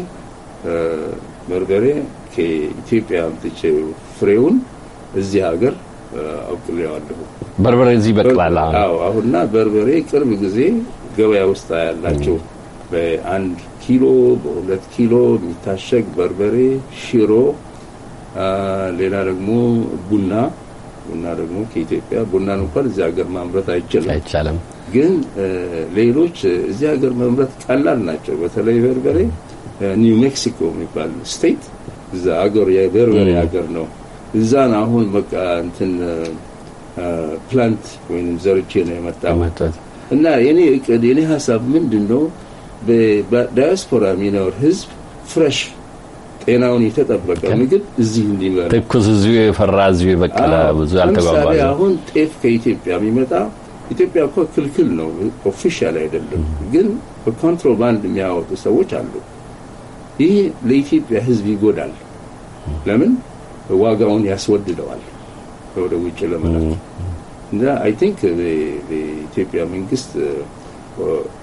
በርበሬ ከኢትዮጵያ አምጥቼ ፍሬውን እዚህ ሀገር አብቅሌዋለሁ። በርበሬ እዚህ ይበቅላል። አዎ አሁንና በርበሬ ቅርብ ጊዜ ገበያ ውስጥ ያላቸው በአንድ ኪሎ በሁለት ኪሎ የሚታሸግ በርበሬ፣ ሽሮ፣ ሌላ ደግሞ ቡና ቡና ደግሞ ከኢትዮጵያ ቡናን እንኳን እዚህ ሀገር ማምረት አይችልም አይቻልም። ግን ሌሎች እዚህ ሀገር መምረት ቀላል ናቸው። በተለይ በርበሬ ኒው ሜክሲኮ የሚባል ስቴት እዛ ሀገር የበርበሬ ሀገር ነው። እዛን አሁን በቃ እንትን ፕላንት ወይም ዘርቼ ነው የመጣሁት እና የኔ እቅድ የኔ ሀሳብ ምንድን ነው በዳያስፖራ የሚኖር ህዝብ ፍረሽ ጤናውን የተጠበቀ ምግብ እዚህ እንዲበላ ትኩስ እዚሁ የፈራ እዚሁ የበቀለ ብዙ ያልተጓጓዘ አሁን ጤፍ ከኢትዮጵያ የሚመጣ ኢትዮጵያ እኮ ክልክል ነው፣ ኦፊሻል አይደለም። ግን በኮንትሮባንድ የሚያወጡ ሰዎች አሉ። ይህ ለኢትዮጵያ ሕዝብ ይጎዳል። ለምን ዋጋውን ያስወድደዋል ወደ ውጭ ለመላክ እና አይ ቲንክ የኢትዮጵያ መንግስት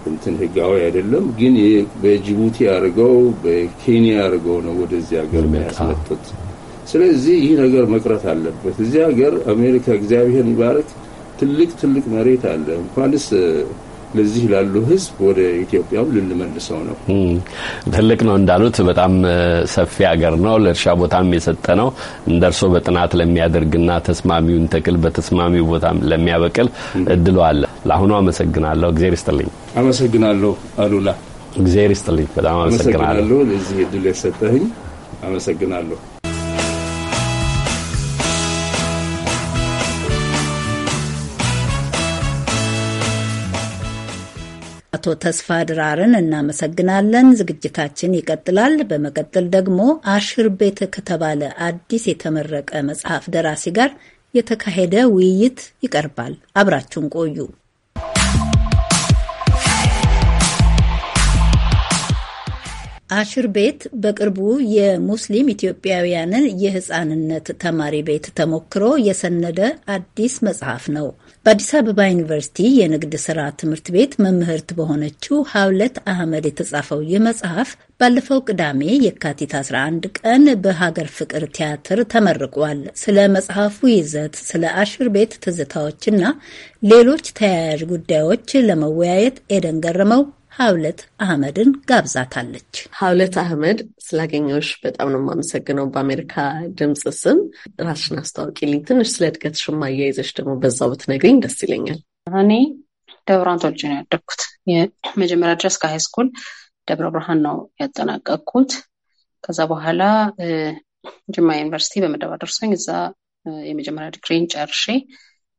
እንትን ህጋዊ አይደለም፣ ግን በጅቡቲ አድርገው በኬንያ አድርገው ነው ወደዚህ ሀገር ያስመጡት። ስለዚህ ይህ ነገር መቅረት አለበት። እዚህ ሀገር አሜሪካ እግዚአብሔር ይባረክ ትልቅ ትልቅ መሬት አለ። እንኳንስ ለዚህ ላሉ ህዝብ ወደ ኢትዮጵያም ልንመልሰው ነው። ትልቅ ነው እንዳሉት በጣም ሰፊ ሀገር ነው። ለእርሻ ቦታም የሰጠ ነው። እንደ እርሶ በጥናት ለሚያደርግና ተስማሚውን ተክል በተስማሚው ቦታ ለሚያበቅል እድሉ አለ። ለአሁኑ አመሰግናለሁ። እግዜር ይስጥልኝ። አመሰግናለሁ አሉላ። እግዜር ይስጥልኝ። በጣም አመሰግናለሁ ለዚህ እድል የሰጠህኝ። አመሰግናለሁ። አቶ ተስፋ ድራርን እናመሰግናለን። ዝግጅታችን ይቀጥላል። በመቀጠል ደግሞ አሽር ቤት ከተባለ አዲስ የተመረቀ መጽሐፍ ደራሲ ጋር የተካሄደ ውይይት ይቀርባል። አብራችሁን ቆዩ። አሽር ቤት በቅርቡ የሙስሊም ኢትዮጵያውያንን የህፃንነት ተማሪ ቤት ተሞክሮ የሰነደ አዲስ መጽሐፍ ነው። በአዲስ አበባ ዩኒቨርሲቲ የንግድ ስራ ትምህርት ቤት መምህርት በሆነችው ሀውለት አህመድ የተጻፈው ይህ መጽሐፍ ባለፈው ቅዳሜ የካቲት 11 ቀን በሀገር ፍቅር ቲያትር ተመርቋል። ስለ መጽሐፉ ይዘት፣ ስለ አሽር ቤት ትዝታዎችና ሌሎች ተያያዥ ጉዳዮች ለመወያየት ኤደን ገረመው ሀውለት አህመድን ጋብዛታለች። ሀውለት አህመድ ስላገኘሁሽ በጣም ነው የማመሰግነው። በአሜሪካ ድምፅ ስም ራስሽን አስታውቂልኝ። ትንሽ ስለ እድገትሽ አያይዘሽ ደግሞ በዛው ብትነግሪኝ ደስ ይለኛል። እኔ ደብረ ብርሃን ነው ያደግኩት። የመጀመሪያ ድረስ ከሃይስኩል ደብረ ብርሃን ነው ያጠናቀቅኩት። ከዛ በኋላ ጅማ ዩኒቨርሲቲ በመደባ ደርሶኝ እዛ የመጀመሪያ ዲግሪን ጨርሼ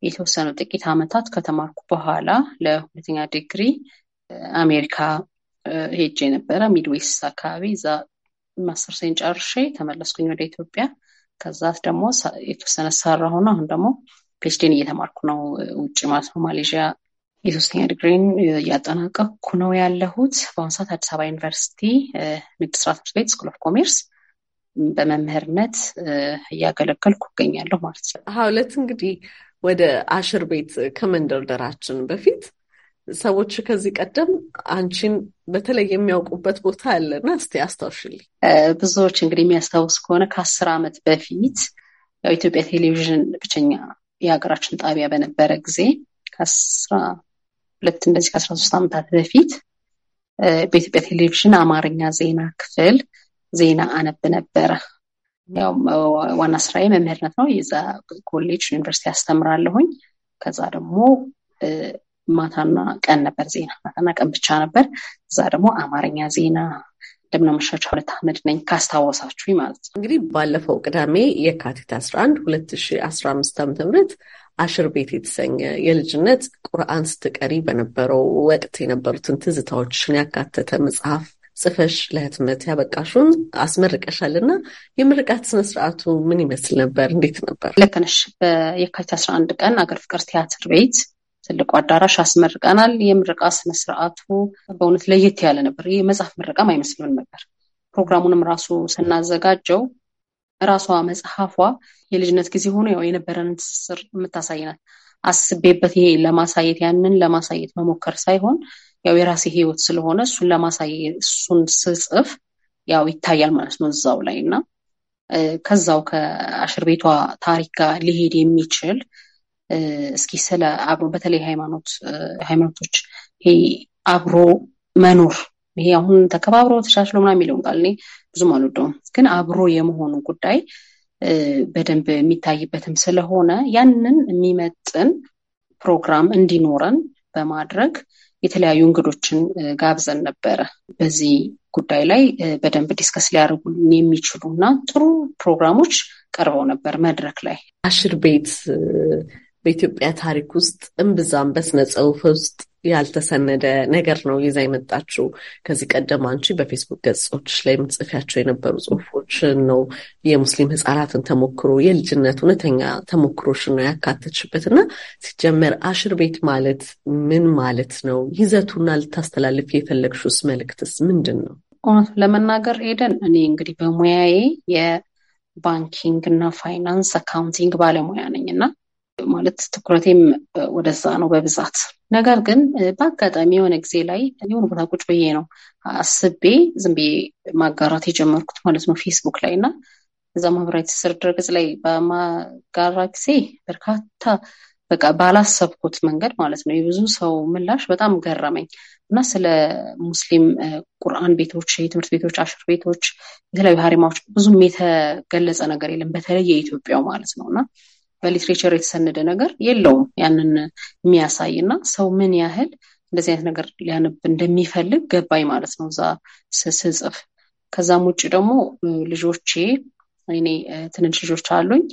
የተወሰኑ ጥቂት ዓመታት ከተማርኩ በኋላ ለሁለተኛ ዲግሪ አሜሪካ ሄጄ ነበረ ሚድዌስት አካባቢ እዛ ማስተርሴን ጨርሼ ተመለስኩኝ ወደ ኢትዮጵያ። ከዛ ደግሞ የተወሰነ ሰራ ሆነ አሁን ደግሞ ፒኤችዲን እየተማርኩ ነው ውጭ ማለት ነው ማሌዥያ የሶስተኛ ዲግሪን እያጠናቀቅኩ ነው ያለሁት። በአሁኑ ሰዓት አዲስ አበባ ዩኒቨርሲቲ ንግድ ስራ ትምህርት ቤት ስኩል ኦፍ ኮሜርስ በመምህርነት እያገለገልኩ እገኛለሁ ማለት ነው። ሀውለት እንግዲህ ወደ አሽር ቤት ከመንደርደራችን በፊት ሰዎች ከዚህ ቀደም አንቺን በተለይ የሚያውቁበት ቦታ አለና እስቲ አስታውሽልኝ። ብዙዎች እንግዲህ የሚያስታውስ ከሆነ ከአስር ዓመት በፊት ያው ኢትዮጵያ ቴሌቪዥን ብቸኛ የሀገራችን ጣቢያ በነበረ ጊዜ ከአስራ ሁለት እንደዚህ ከአስራ ሶስት ዓመታት በፊት በኢትዮጵያ ቴሌቪዥን አማርኛ ዜና ክፍል ዜና አነብ ነበረ። ያው ዋና ስራዬ መምህርነት ነው። የዛ ኮሌጅ ዩኒቨርሲቲ አስተምራለሁኝ። ከዛ ደግሞ ማታና ቀን ነበር ዜና፣ ማታና ቀን ብቻ ነበር። እዛ ደግሞ አማርኛ ዜና እንደምናመሻቸው ሁለት አመድ ነኝ ካስታወሳችሁ ማለት ነው። እንግዲህ ባለፈው ቅዳሜ የካቲት 11 2015 ዓ.ም አሽር ቤት የተሰኘ የልጅነት ቁርአን ስትቀሪ በነበረው ወቅት የነበሩትን ትዝታዎችን ያካተተ መጽሐፍ ጽፈሽ ለህትመት ያበቃሹን አስመርቀሻል እና የምርቃት ስነስርዓቱ ምን ይመስል ነበር? እንዴት ነበር? ልክ ነሽ። የካቲት አስራ ቀን አገር ፍቅር ቲያትር ቤት ትልቁ አዳራሽ አስመርቀናል። የምረቃ ስነስርዓቱ በእውነት ለየት ያለ ነበር። ይህ መጽሐፍ ምረቃም አይመስልም ነበር። ፕሮግራሙንም ራሱ ስናዘጋጀው ራሷ መጽሐፏ የልጅነት ጊዜ ሆኖ ያው የነበረን ትስስር የምታሳይናት አስቤበት ይሄ ለማሳየት ያንን ለማሳየት መሞከር ሳይሆን ያው የራሴ ህይወት ስለሆነ እሱን ለማሳየት እሱን ስጽፍ ያው ይታያል ማለት ነው እዛው ላይ እና ከዛው ከአሽር ቤቷ ታሪክ ጋር ሊሄድ የሚችል እስኪ ስለ አብሮ በተለይ ሃይማኖት ሃይማኖቶች ይሄ አብሮ መኖር ይሄ አሁን ተከባብሮ ተሻሽሎ ምናምን የሚለውን ቃል እኔ ብዙም አልወደውም፣ ግን አብሮ የመሆኑ ጉዳይ በደንብ የሚታይበትም ስለሆነ ያንን የሚመጥን ፕሮግራም እንዲኖረን በማድረግ የተለያዩ እንግዶችን ጋብዘን ነበረ። በዚህ ጉዳይ ላይ በደንብ ዲስከስ ሊያደርጉልን የሚችሉ እና ጥሩ ፕሮግራሞች ቀርበው ነበር መድረክ ላይ። አሽር ቤት በኢትዮጵያ ታሪክ ውስጥ እምብዛም በስነ ጽሁፍ ውስጥ ያልተሰነደ ነገር ነው ይዛ የመጣችው። ከዚህ ቀደም አንቺ በፌስቡክ ገጾች ላይ የምትጽፊያቸው የነበሩ ጽሁፎችን ነው የሙስሊም ህጻናትን ተሞክሮ የልጅነት እውነተኛ ተሞክሮሽን ነው ያካተችበት እና ሲጀመር አሽር ቤት ማለት ምን ማለት ነው? ይዘቱና ልታስተላልፍ የፈለግሽውስ መልእክትስ ምንድን ነው? እውነቱ ለመናገር ሄደን እኔ እንግዲህ በሙያዬ የባንኪንግ እና ፋይናንስ አካውንቲንግ ባለሙያ ነኝ እና ማለት ትኩረቴም ወደዛ ነው በብዛት። ነገር ግን በአጋጣሚ የሆነ ጊዜ ላይ የሆነ ቦታ ቁጭ ብዬ ነው አስቤ ዝም ብዬ ማጋራት የጀመርኩት ማለት ነው ፌስቡክ ላይ እና እዛ ማህበራዊ ትስስር ድረገጽ ላይ በማጋራ ጊዜ በርካታ በቃ ባላሰብኩት መንገድ ማለት ነው የብዙ ሰው ምላሽ በጣም ገረመኝ እና ስለ ሙስሊም ቁርአን ቤቶች፣ የትምህርት ቤቶች፣ አሽር ቤቶች፣ የተለያዩ ሀሪማዎች ብዙም የተገለጸ ነገር የለም በተለይ የኢትዮጵያው ማለት ነው እና በሊትሬቸር የተሰነደ ነገር የለውም ያንን የሚያሳይ እና ሰው ምን ያህል እንደዚህ አይነት ነገር ሊያነብ እንደሚፈልግ ገባኝ ማለት ነው እዛ ስጽፍ። ከዛም ውጭ ደግሞ ልጆቼ እኔ ትንንሽ ልጆች አሉኝ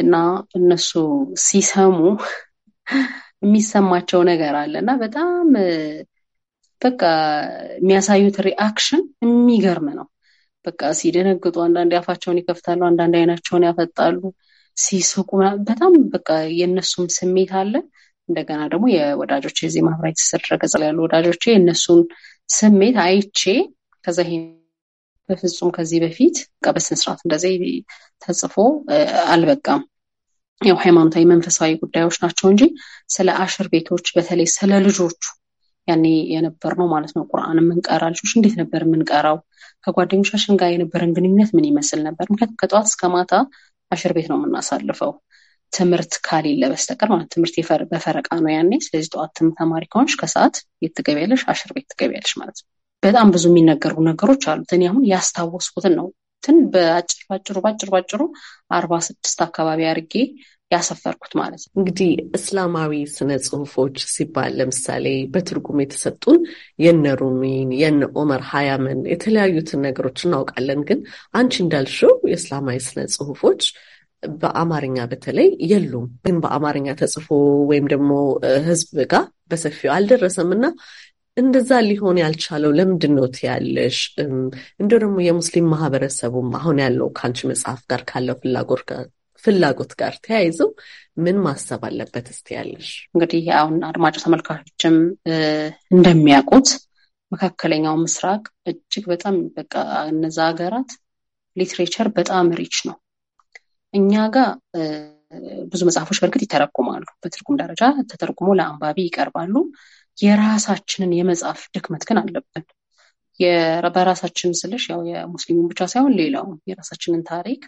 እና እነሱ ሲሰሙ የሚሰማቸው ነገር አለ እና በጣም በቃ የሚያሳዩት ሪአክሽን የሚገርም ነው። በቃ ሲደነግጡ አንዳንድ አፋቸውን ይከፍታሉ፣ አንዳንድ አይናቸውን ያፈጣሉ። ሲስቁ በጣም በቃ የእነሱም ስሜት አለ። እንደገና ደግሞ የወዳጆች የዚህ ማህበራዊ ትስስር ድረገጽ ላይ ያሉ ወዳጆች የእነሱን ስሜት አይቼ ከዛ ይሄ በፍጹም ከዚህ በፊት በስነስርዓት እንደዚ ተጽፎ አልበቃም። ያው ሃይማኖታዊ መንፈሳዊ ጉዳዮች ናቸው እንጂ ስለ አሽር ቤቶች በተለይ ስለ ልጆቹ ያኔ የነበር ነው ማለት ነው። ቁርአን የምንቀራ ልጆች እንዴት ነበር የምንቀራው? ከጓደኞቻችን ጋር የነበረን ግንኙነት ምን ይመስል ነበር? ምክንያቱም ከጠዋት እስከ ማታ አሽር ቤት ነው የምናሳልፈው ትምህርት ካሌለ በስተቀር ማለት ትምህርት በፈረቃ ነው ያኔ። ስለዚህ ጠዋት ተማሪ ከሆንሽ ከሰዓት ቤት ትገቢያለሽ፣ አሽር ቤት ትገቢያለሽ ማለት ነው። በጣም ብዙ የሚነገሩ ነገሮች አሉት። እኔ አሁን ያስታወስኩትን ነው ትን በአጭር ባጭሩ ባጭሩ ባጭሩ አርባ ስድስት አካባቢ አድርጌ ያሰፈርኩት ማለት ነው። እንግዲህ እስላማዊ ስነ ጽሁፎች ሲባል ለምሳሌ በትርጉም የተሰጡን የነ ሩሚን የነ ኦመር ሀያመን የተለያዩትን ነገሮች እናውቃለን። ግን አንቺ እንዳልሽው የእስላማዊ ስነ ጽሁፎች በአማርኛ በተለይ የሉም። ግን በአማርኛ ተጽፎ ወይም ደግሞ ህዝብ ጋር በሰፊው አልደረሰም እና እንደዛ ሊሆን ያልቻለው ለምንድን ነው ትያለሽ? እንዲሁ ደግሞ የሙስሊም ማህበረሰቡም አሁን ያለው ከአንቺ መጽሐፍ ጋር ካለው ፍላጎት ጋር ፍላጎት ጋር ተያይዞ ምን ማሰብ አለበት? እስቲ ያለሽ እንግዲህ አሁን አድማጭ ተመልካቾችም እንደሚያውቁት መካከለኛው ምስራቅ እጅግ በጣም በቃ እነዛ ሀገራት ሊትሬቸር በጣም ሪች ነው። እኛ ጋር ብዙ መጽሐፎች በእርግጥ ይተረጉማሉ። በትርጉም ደረጃ ተተርጉሞ ለአንባቢ ይቀርባሉ። የራሳችንን የመጽሐፍ ድክመት ግን አለብን። በራሳችን ስልሽ ያው የሙስሊሙን ብቻ ሳይሆን ሌላውን የራሳችንን ታሪክ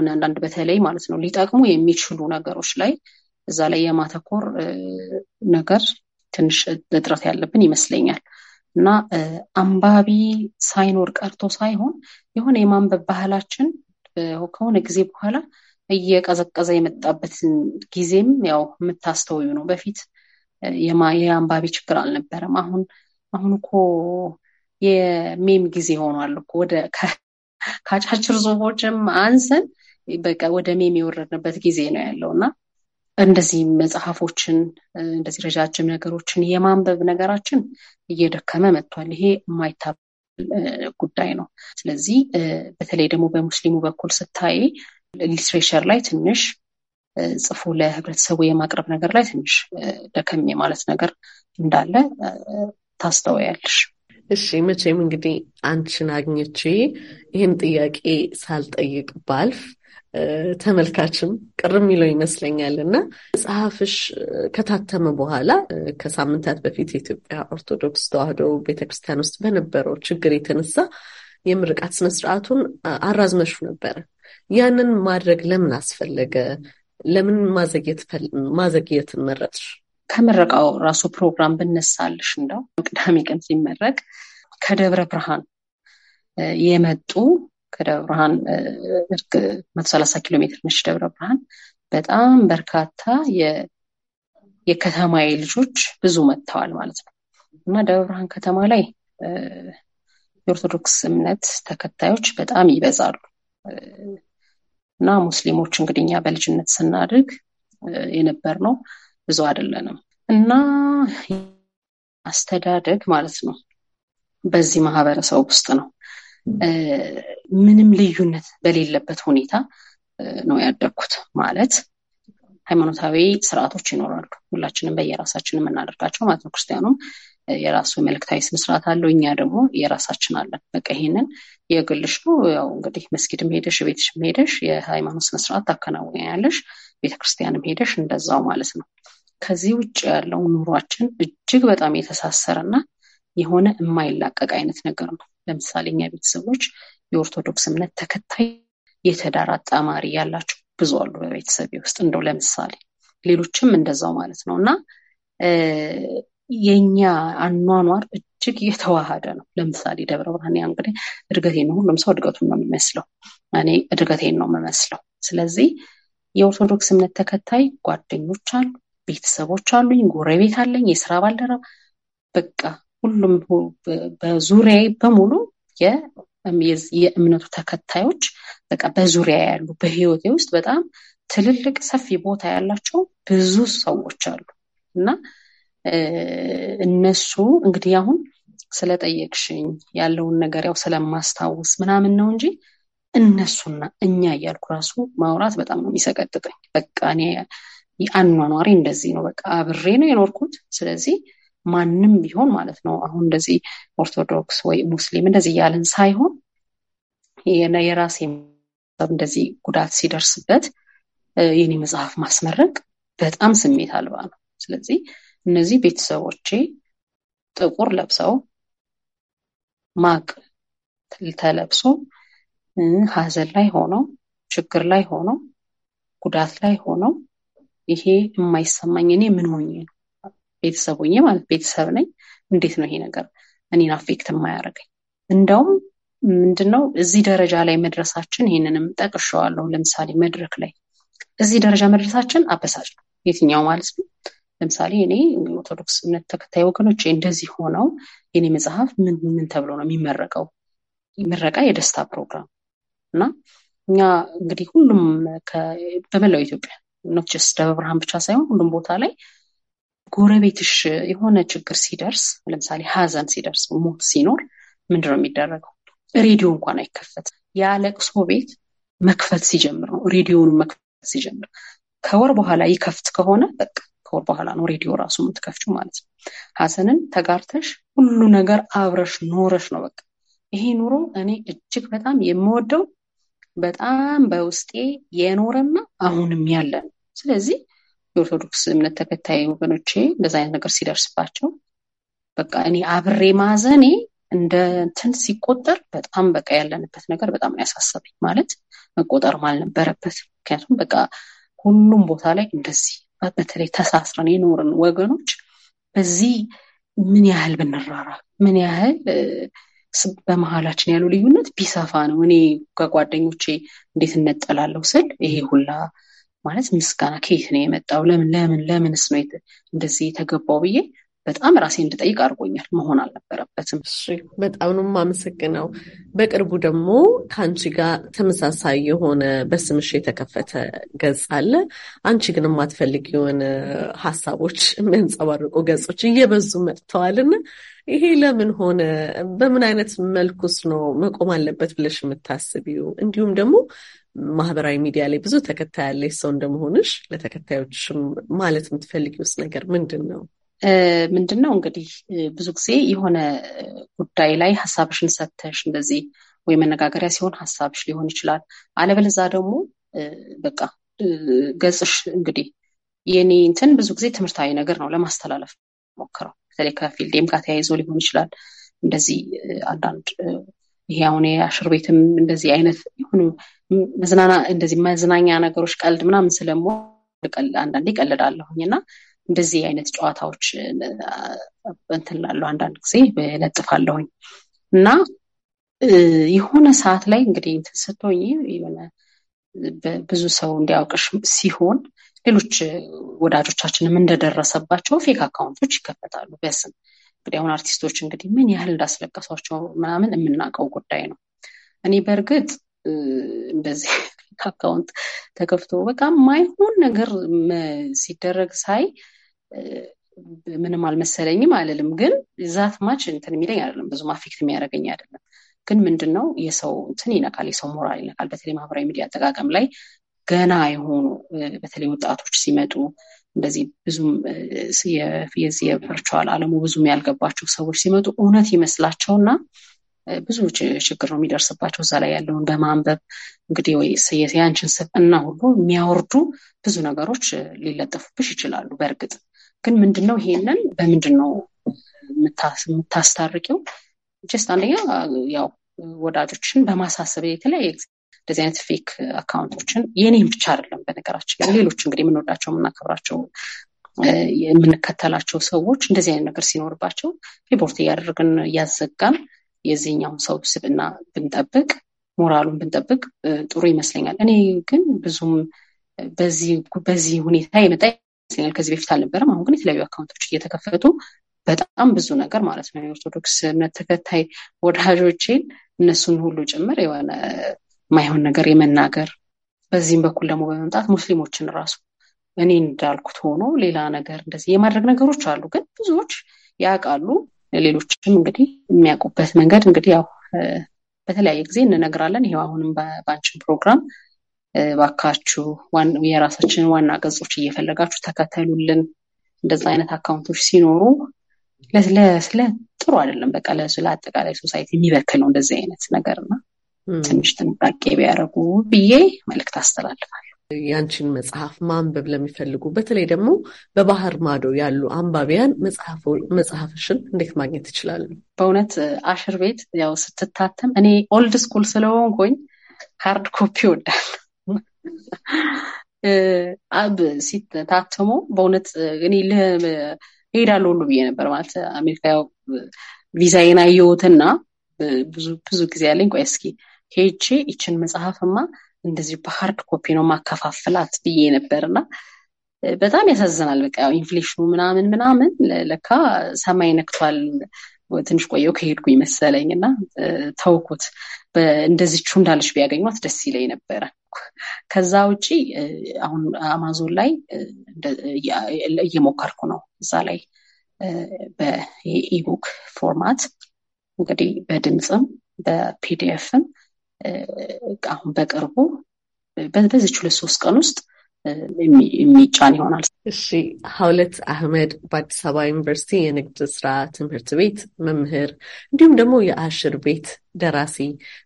አንዳንድ በተለይ ማለት ነው ሊጠቅሙ የሚችሉ ነገሮች ላይ እዛ ላይ የማተኮር ነገር ትንሽ እጥረት ያለብን ይመስለኛል እና አንባቢ ሳይኖር ቀርቶ ሳይሆን የሆነ የማንበብ ባህላችን ከሆነ ጊዜ በኋላ እየቀዘቀዘ የመጣበትን ጊዜም ያው የምታስተውዩ ነው። በፊት የአንባቢ ችግር አልነበረም። አሁን አሁን እኮ የሜም ጊዜ ሆኗል እኮ ወደ ከአጫጭር ጽሁፎችም አንስን በቃ ወደ ሜም የወረድንበት ጊዜ ነው ያለው እና እንደዚህ መጽሐፎችን እንደዚህ ረጃጅም ነገሮችን የማንበብ ነገራችን እየደከመ መጥቷል። ይሄ የማይታበል ጉዳይ ነው። ስለዚህ በተለይ ደግሞ በሙስሊሙ በኩል ስታይ ሊትሬቸር ላይ ትንሽ ጽፎ ለህብረተሰቡ የማቅረብ ነገር ላይ ትንሽ ደከም ማለት ነገር እንዳለ ታስተውያለሽ። እሺ መቼም እንግዲህ አንቺን አግኝቼ ይህን ጥያቄ ሳልጠይቅ ባልፍ ተመልካችም ቅር የሚለው ይመስለኛል እና መጽሐፍሽ ከታተመ በኋላ ከሳምንታት በፊት የኢትዮጵያ ኦርቶዶክስ ተዋህዶ ቤተክርስቲያን ውስጥ በነበረው ችግር የተነሳ የምርቃት ስነስርዓቱን አራዝመሹ ነበረ። ያንን ማድረግ ለምን አስፈለገ? ለምን ማዘግየት መረጥሽ? ከምረቃው ራሱ ፕሮግራም ብነሳልሽ እንደው ቅዳሜ ቀን ሲመረቅ ከደብረ ብርሃን የመጡ ከደብረ ብርሃን መቶ ሰላሳ ኪሎ ሜትር ነች ደብረ ብርሃን። በጣም በርካታ የከተማዬ ልጆች ብዙ መጥተዋል ማለት ነው እና ደብረ ብርሃን ከተማ ላይ የኦርቶዶክስ እምነት ተከታዮች በጣም ይበዛሉ እና ሙስሊሞች እንግዲህ እኛ በልጅነት ስናድግ የነበር ነው ብዙ አይደለንም እና አስተዳደግ ማለት ነው በዚህ ማህበረሰብ ውስጥ ነው ምንም ልዩነት በሌለበት ሁኔታ ነው ያደግኩት ማለት ሃይማኖታዊ ስርዓቶች ይኖራሉ። ሁላችንም በየራሳችን የምናደርጋቸው ማለት ነው። ክርስቲያኑም የራሱ መልክታዊ ስነስርዓት አለው። እኛ ደግሞ የራሳችን አለን። በቃ ይሄንን የግልሽ ነው። ያው እንግዲህ መስጊድም ሄደሽ ቤትሽም ሄደሽ የሃይማኖት ስነስርዓት ታከናውኛለሽ። ቤተክርስቲያንም ሄደሽ እንደዛው ማለት ነው። ከዚህ ውጭ ያለው ኑሯችን እጅግ በጣም የተሳሰረና የሆነ የማይላቀቅ አይነት ነገር ነው። ለምሳሌ እኛ ቤተሰቦች የኦርቶዶክስ እምነት ተከታይ የትዳር አጣማሪ ያላቸው ብዙ አሉ በቤተሰቤ ውስጥ እንደው ለምሳሌ ሌሎችም እንደዛው ማለት ነው እና የኛ አኗኗር እጅግ የተዋሃደ ነው። ለምሳሌ ደብረ ብርሃን ያ እንግዲህ እድገቴን ነው፣ ሁሉም ሰው እድገቱን ነው የሚመስለው፣ እኔ እድገቴን ነው የምመስለው። ስለዚህ የኦርቶዶክስ እምነት ተከታይ ጓደኞች አሉ፣ ቤተሰቦች አሉኝ፣ ጎረቤት አለኝ፣ የስራ ባልደረባ በቃ ሁሉም በዙሪያ በሙሉ የእምነቱ ተከታዮች በቃ በዙሪያ ያሉ በህይወቴ ውስጥ በጣም ትልልቅ ሰፊ ቦታ ያላቸው ብዙ ሰዎች አሉ እና እነሱ እንግዲህ አሁን ስለጠየቅሽኝ ያለውን ነገር ያው ስለማስታውስ ምናምን ነው እንጂ እነሱና እኛ እያልኩ ራሱ ማውራት በጣም ነው የሚሰቀጥጠኝ። በቃ እኔ አኗኗሪ እንደዚህ ነው። በቃ አብሬ ነው የኖርኩት። ስለዚህ ማንም ቢሆን ማለት ነው አሁን እንደዚህ ኦርቶዶክስ ወይ ሙስሊም እንደዚህ እያልን ሳይሆን የራሴ እንደዚህ ጉዳት ሲደርስበት የኔ መጽሐፍ ማስመረቅ በጣም ስሜት አልባ ነው። ስለዚህ እነዚህ ቤተሰቦቼ ጥቁር ለብሰው ማቅ ተለብሶ ሀዘን ላይ ሆነው ችግር ላይ ሆነው ጉዳት ላይ ሆነው ይሄ የማይሰማኝ እኔ ምን ሆኜ ነው ቤተሰብ ሆኜ ማለት ቤተሰብ ነኝ። እንዴት ነው ይሄ ነገር እኔን አፌክት የማያደርገኝ? እንደውም ምንድነው እዚህ ደረጃ ላይ መድረሳችን ይህንንም ጠቅሸዋለሁ። ለምሳሌ መድረክ ላይ እዚህ ደረጃ መድረሳችን አበሳጭ ነው። የትኛው ማለት ነው። ለምሳሌ እኔ ኦርቶዶክስ እምነት ተከታይ ወገኖች እንደዚህ ሆነው የኔ መጽሐፍ ምን ምን ተብሎ ነው የሚመረቀው? ምረቃ የደስታ ፕሮግራም እና እኛ እንግዲህ ሁሉም በመላው ኢትዮጵያ ኖችስ ደብረ ብርሃን ብቻ ሳይሆን ሁሉም ቦታ ላይ ጎረቤትሽ የሆነ ችግር ሲደርስ፣ ለምሳሌ ሀዘን ሲደርስ፣ ሞት ሲኖር ምንድን ነው የሚደረገው? ሬዲዮ እንኳን አይከፈት። የለቅሶ ቤት መክፈት ሲጀምር ነው ሬዲዮን መክፈት ሲጀምር። ከወር በኋላ ይከፍት ከሆነ በቃ ከወር በኋላ ነው ሬዲዮ ራሱ የምትከፍች ማለት ነው። ሀዘንን ተጋርተሽ ሁሉ ነገር አብረሽ ኖረሽ ነው በቃ ይሄ ኑሮ እኔ እጅግ በጣም የምወደው በጣም በውስጤ የኖረና አሁንም ያለ ነው። ስለዚህ የኦርቶዶክስ እምነት ተከታይ ወገኖቼ እንደዚ አይነት ነገር ሲደርስባቸው በቃ እኔ አብሬ ማዘኔ እንደ እንትን ሲቆጠር በጣም በቃ ያለንበት ነገር በጣም ያሳሰበኝ ማለት መቆጠርም አልነበረበት። ምክንያቱም በቃ ሁሉም ቦታ ላይ እንደዚህ በተለይ ተሳስረን የኖርን ወገኖች በዚህ ምን ያህል ብንራራ ምን ያህል በመሀላችን ያለው ልዩነት ቢሰፋ ነው። እኔ ከጓደኞቼ እንዴት እነጠላለሁ ስል ይሄ ሁላ ማለት ምስጋና ከየት ነው የመጣው? ለምን ለምን ለምንስ ነው እንደዚህ የተገባው ብዬ በጣም ራሴ እንድጠይቅ አድርጎኛል። መሆን አልነበረበትም። እሺ፣ በጣም ነው የማመሰግነው። በቅርቡ ደግሞ ከአንቺ ጋር ተመሳሳይ የሆነ በስምሽ የተከፈተ ገጽ አለ። አንቺ ግን የማትፈልግ የሆነ ሀሳቦች የሚያንጸባርቁ ገጾች እየበዙ መጥተዋልና ይሄ ለምን ሆነ? በምን አይነት መልኩስ ነው መቆም አለበት ብለሽ የምታስቢው? እንዲሁም ደግሞ ማህበራዊ ሚዲያ ላይ ብዙ ተከታይ ያለሽ ሰው እንደመሆንሽ ለተከታዮችም ማለት የምትፈልጊውስ ነገር ምንድን ነው? ምንድን ነው እንግዲህ ብዙ ጊዜ የሆነ ጉዳይ ላይ ሀሳብሽን ሰተሽ እንደዚህ ወይ መነጋገሪያ ሲሆን ሀሳብሽ ሊሆን ይችላል። አለበለዛ ደግሞ በቃ ገጽሽ እንግዲህ የኔ እንትን ብዙ ጊዜ ትምህርታዊ ነገር ነው ለማስተላለፍ ሞክረው በተለይ ከፊልዴም ጋር ተያይዞ ሊሆን ይችላል። እንደዚህ አንዳንድ ይሄ አሁን የአሽር ቤትም እንደዚህ አይነት ሆኑ መዝናና እንደዚህ መዝናኛ ነገሮች ቀልድ ምናምን ስለሞ አንዳንዴ ቀልዳለሁኝ እና እንደዚህ አይነት ጨዋታዎች እንትን አንዳንድ ጊዜ ለጥፋለሁኝ እና የሆነ ሰዓት ላይ እንግዲህ እንትን ስትሆኝ የሆነ ብዙ ሰው እንዲያውቅሽ ሲሆን ሌሎች ወዳጆቻችንም እንደደረሰባቸው ፌክ አካውንቶች ይከፈታሉ በስም እንግዲህ አሁን አርቲስቶች እንግዲህ ምን ያህል እንዳስለቀሷቸው ምናምን የምናውቀው ጉዳይ ነው እኔ በእርግጥ እንደዚህ አካውንት ተከፍቶ በቃ ማይሆን ነገር ሲደረግ ሳይ ምንም አልመሰለኝም አልልም፣ ግን ዛት ማች እንትን የሚለኝ አይደለም፣ ብዙ አፌክት የሚያደርገኝ አይደለም። ግን ምንድን ነው የሰው እንትን ይነካል፣ የሰው ሞራል ይነካል። በተለይ ማህበራዊ ሚዲያ አጠቃቀም ላይ ገና የሆኑ በተለይ ወጣቶች ሲመጡ እንደዚህ ብዙም የዚህ የቨርቹዋል አለሙ ብዙም ያልገባቸው ሰዎች ሲመጡ እውነት ይመስላቸው እና ብዙ ችግር ነው የሚደርስባቸው። እዛ ላይ ያለውን በማንበብ እንግዲህ ወይ የአንችን ስብዕና ሁሉ የሚያወርዱ ብዙ ነገሮች ሊለጠፉብሽ ይችላሉ በእርግጥ ግን ምንድነው ይሄንን በምንድን ነው የምታስታርቂው? ጀስት አንደኛ ያው ወዳጆችን በማሳሰብ የተለያየ እንደዚህ አይነት ፌክ አካውንቶችን የኔም ብቻ አይደለም በነገራችን ላይ ሌሎች እንግዲህ የምንወዳቸው የምናከብራቸው የምንከተላቸው ሰዎች እንደዚህ አይነት ነገር ሲኖርባቸው ሪፖርት እያደረግን እያዘጋን የዚህኛውን ሰው ስብዕና ብንጠብቅ ሞራሉን ብንጠብቅ ጥሩ ይመስለኛል። እኔ ግን ብዙም በዚህ ሁኔታ የመጣ ይመስለኛል ከዚህ በፊት አልነበረም። አሁን ግን የተለያዩ አካውንቶች እየተከፈቱ በጣም ብዙ ነገር ማለት ነው የኦርቶዶክስ እምነት ተከታይ ወዳጆቼን እነሱን ሁሉ ጭምር የሆነ ማይሆን ነገር የመናገር በዚህም በኩል ደግሞ በመምጣት ሙስሊሞችን ራሱ እኔ እንዳልኩት ሆኖ ሌላ ነገር እንደዚህ የማድረግ ነገሮች አሉ። ግን ብዙዎች ያውቃሉ። ሌሎችም እንግዲህ የሚያውቁበት መንገድ እንግዲህ ያው በተለያየ ጊዜ እንነግራለን። ይሄው አሁንም በአንችን ፕሮግራም ባካችሁ የራሳችንን ዋና ገጾች እየፈለጋችሁ ተከተሉልን። እንደዛ አይነት አካውንቶች ሲኖሩ ስለ ጥሩ አይደለም። በቃ ለአጠቃላይ ሶሳይቲ የሚበክል ነው እንደዚህ አይነት ነገር እና ትንሽ ጥንቃቄ ቢያደርጉ ብዬ መልእክት አስተላልፋለሁ። ያንቺን መጽሐፍ ማንበብ ለሚፈልጉ በተለይ ደግሞ በባህር ማዶ ያሉ አንባቢያን መጽሐፍሽን እንዴት ማግኘት ይችላሉ? በእውነት አሽር ቤት ያው ስትታተም እኔ ኦልድ ስኩል ስለሆንኩኝ ሃርድ ኮፒ እወዳለሁ አብ ሲት ሲታተሙ በእውነት እኔ እሄዳለሁ ሁሉ ብዬ ነበር ማለት አሜሪካ ያው ቪዛዬን አየሁትና ብዙ ብዙ ጊዜ ያለኝ ቆይ እስኪ ሄቼ ይችን መጽሐፍማ እንደዚህ በሀርድ ኮፒ ነው ማከፋፍላት ብዬ ነበርና በጣም ያሳዝናል። በቃ ኢንፍሌሽኑ ምናምን ምናምን ለካ ሰማይ ነክቷል። ትንሽ ቆየው ከሄድኩ ይመሰለኝ እና ተውኩት። እንደዚቹ እንዳለች ቢያገኟት ደስ ይለኝ ነበረ። ከዛ ውጪ አሁን አማዞን ላይ እየሞከርኩ ነው። እዛ ላይ በኢቡክ ፎርማት እንግዲህ በድምፅም በፒዲኤፍም አሁን በቅርቡ በዚች ሁለት ሶስት ቀን ውስጥ የሚጫን ይሆናል። እሺ ሀውለት አህመድ በአዲስ አበባ ዩኒቨርሲቲ የንግድ ስራ ትምህርት ቤት መምህር እንዲሁም ደግሞ የአሽር ቤት ደራሲ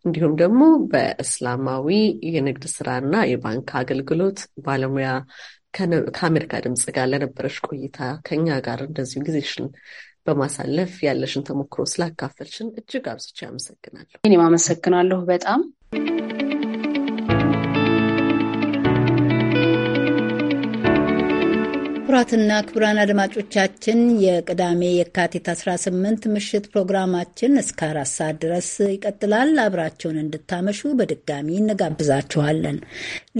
እንዲሁም ደግሞ በእስላማዊ የንግድ ስራና የባንክ አገልግሎት ባለሙያ ከአሜሪካ ድምፅ ጋር ለነበረች ቆይታ ከኛ ጋር እንደዚሁ ጊዜሽን በማሳለፍ ያለሽን ተሞክሮ ስላካፈልሽን እጅግ አብዝቼ አመሰግናለሁ። እኔም አመሰግናለሁ በጣም ክቡራትና ክቡራን አድማጮቻችን የቅዳሜ የካቲት 18 ምሽት ፕሮግራማችን እስከ አራት ሰዓት ድረስ ይቀጥላል። አብራቸውን እንድታመሹ በድጋሚ እንጋብዛችኋለን።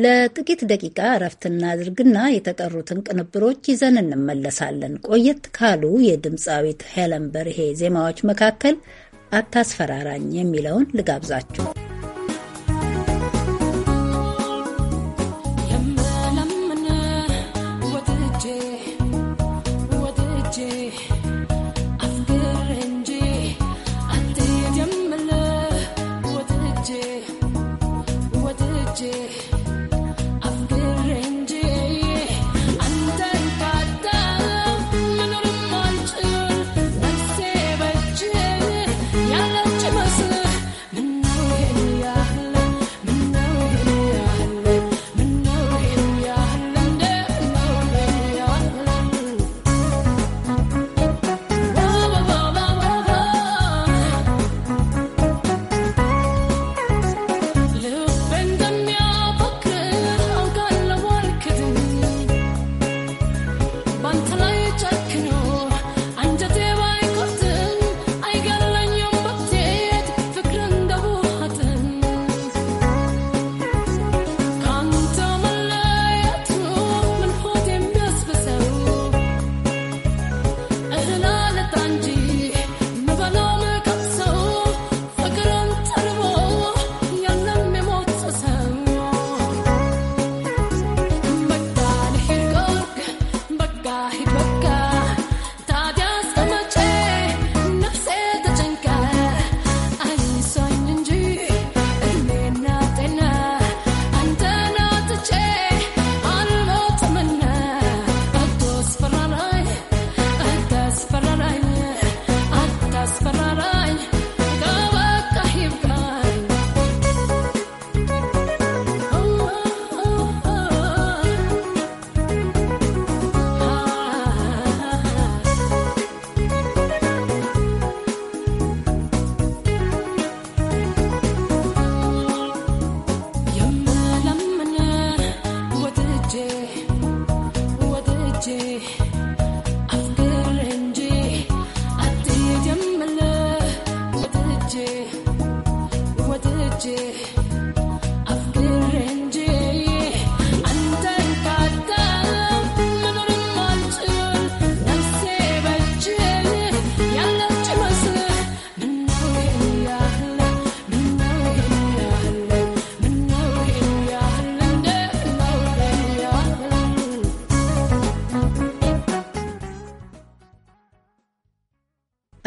ለጥቂት ደቂቃ እረፍት እናድርግና የተቀሩትን ቅንብሮች ይዘን እንመለሳለን። ቆየት ካሉ የድምፃዊት ሄለን በርሄ ዜማዎች መካከል አታስፈራራኝ የሚለውን ልጋብዛችሁ።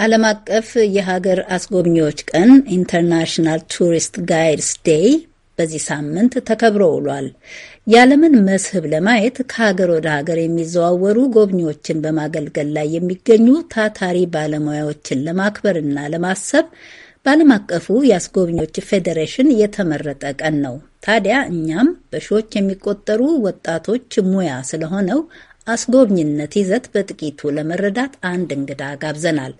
ዓለም አቀፍ የሀገር አስጎብኚዎች ቀን ኢንተርናሽናል ቱሪስት ጋይድስ ዴይ በዚህ ሳምንት ተከብሮ ውሏል። የዓለምን መስህብ ለማየት ከሀገር ወደ ሀገር የሚዘዋወሩ ጎብኚዎችን በማገልገል ላይ የሚገኙ ታታሪ ባለሙያዎችን ለማክበርና ለማሰብ በዓለም አቀፉ የአስጎብኚዎች ፌዴሬሽን የተመረጠ ቀን ነው። ታዲያ እኛም በሺዎች የሚቆጠሩ ወጣቶች ሙያ ስለሆነው አስጎብኝነት ይዘት በጥቂቱ ለመረዳት አንድ እንግዳ ጋብዘናል።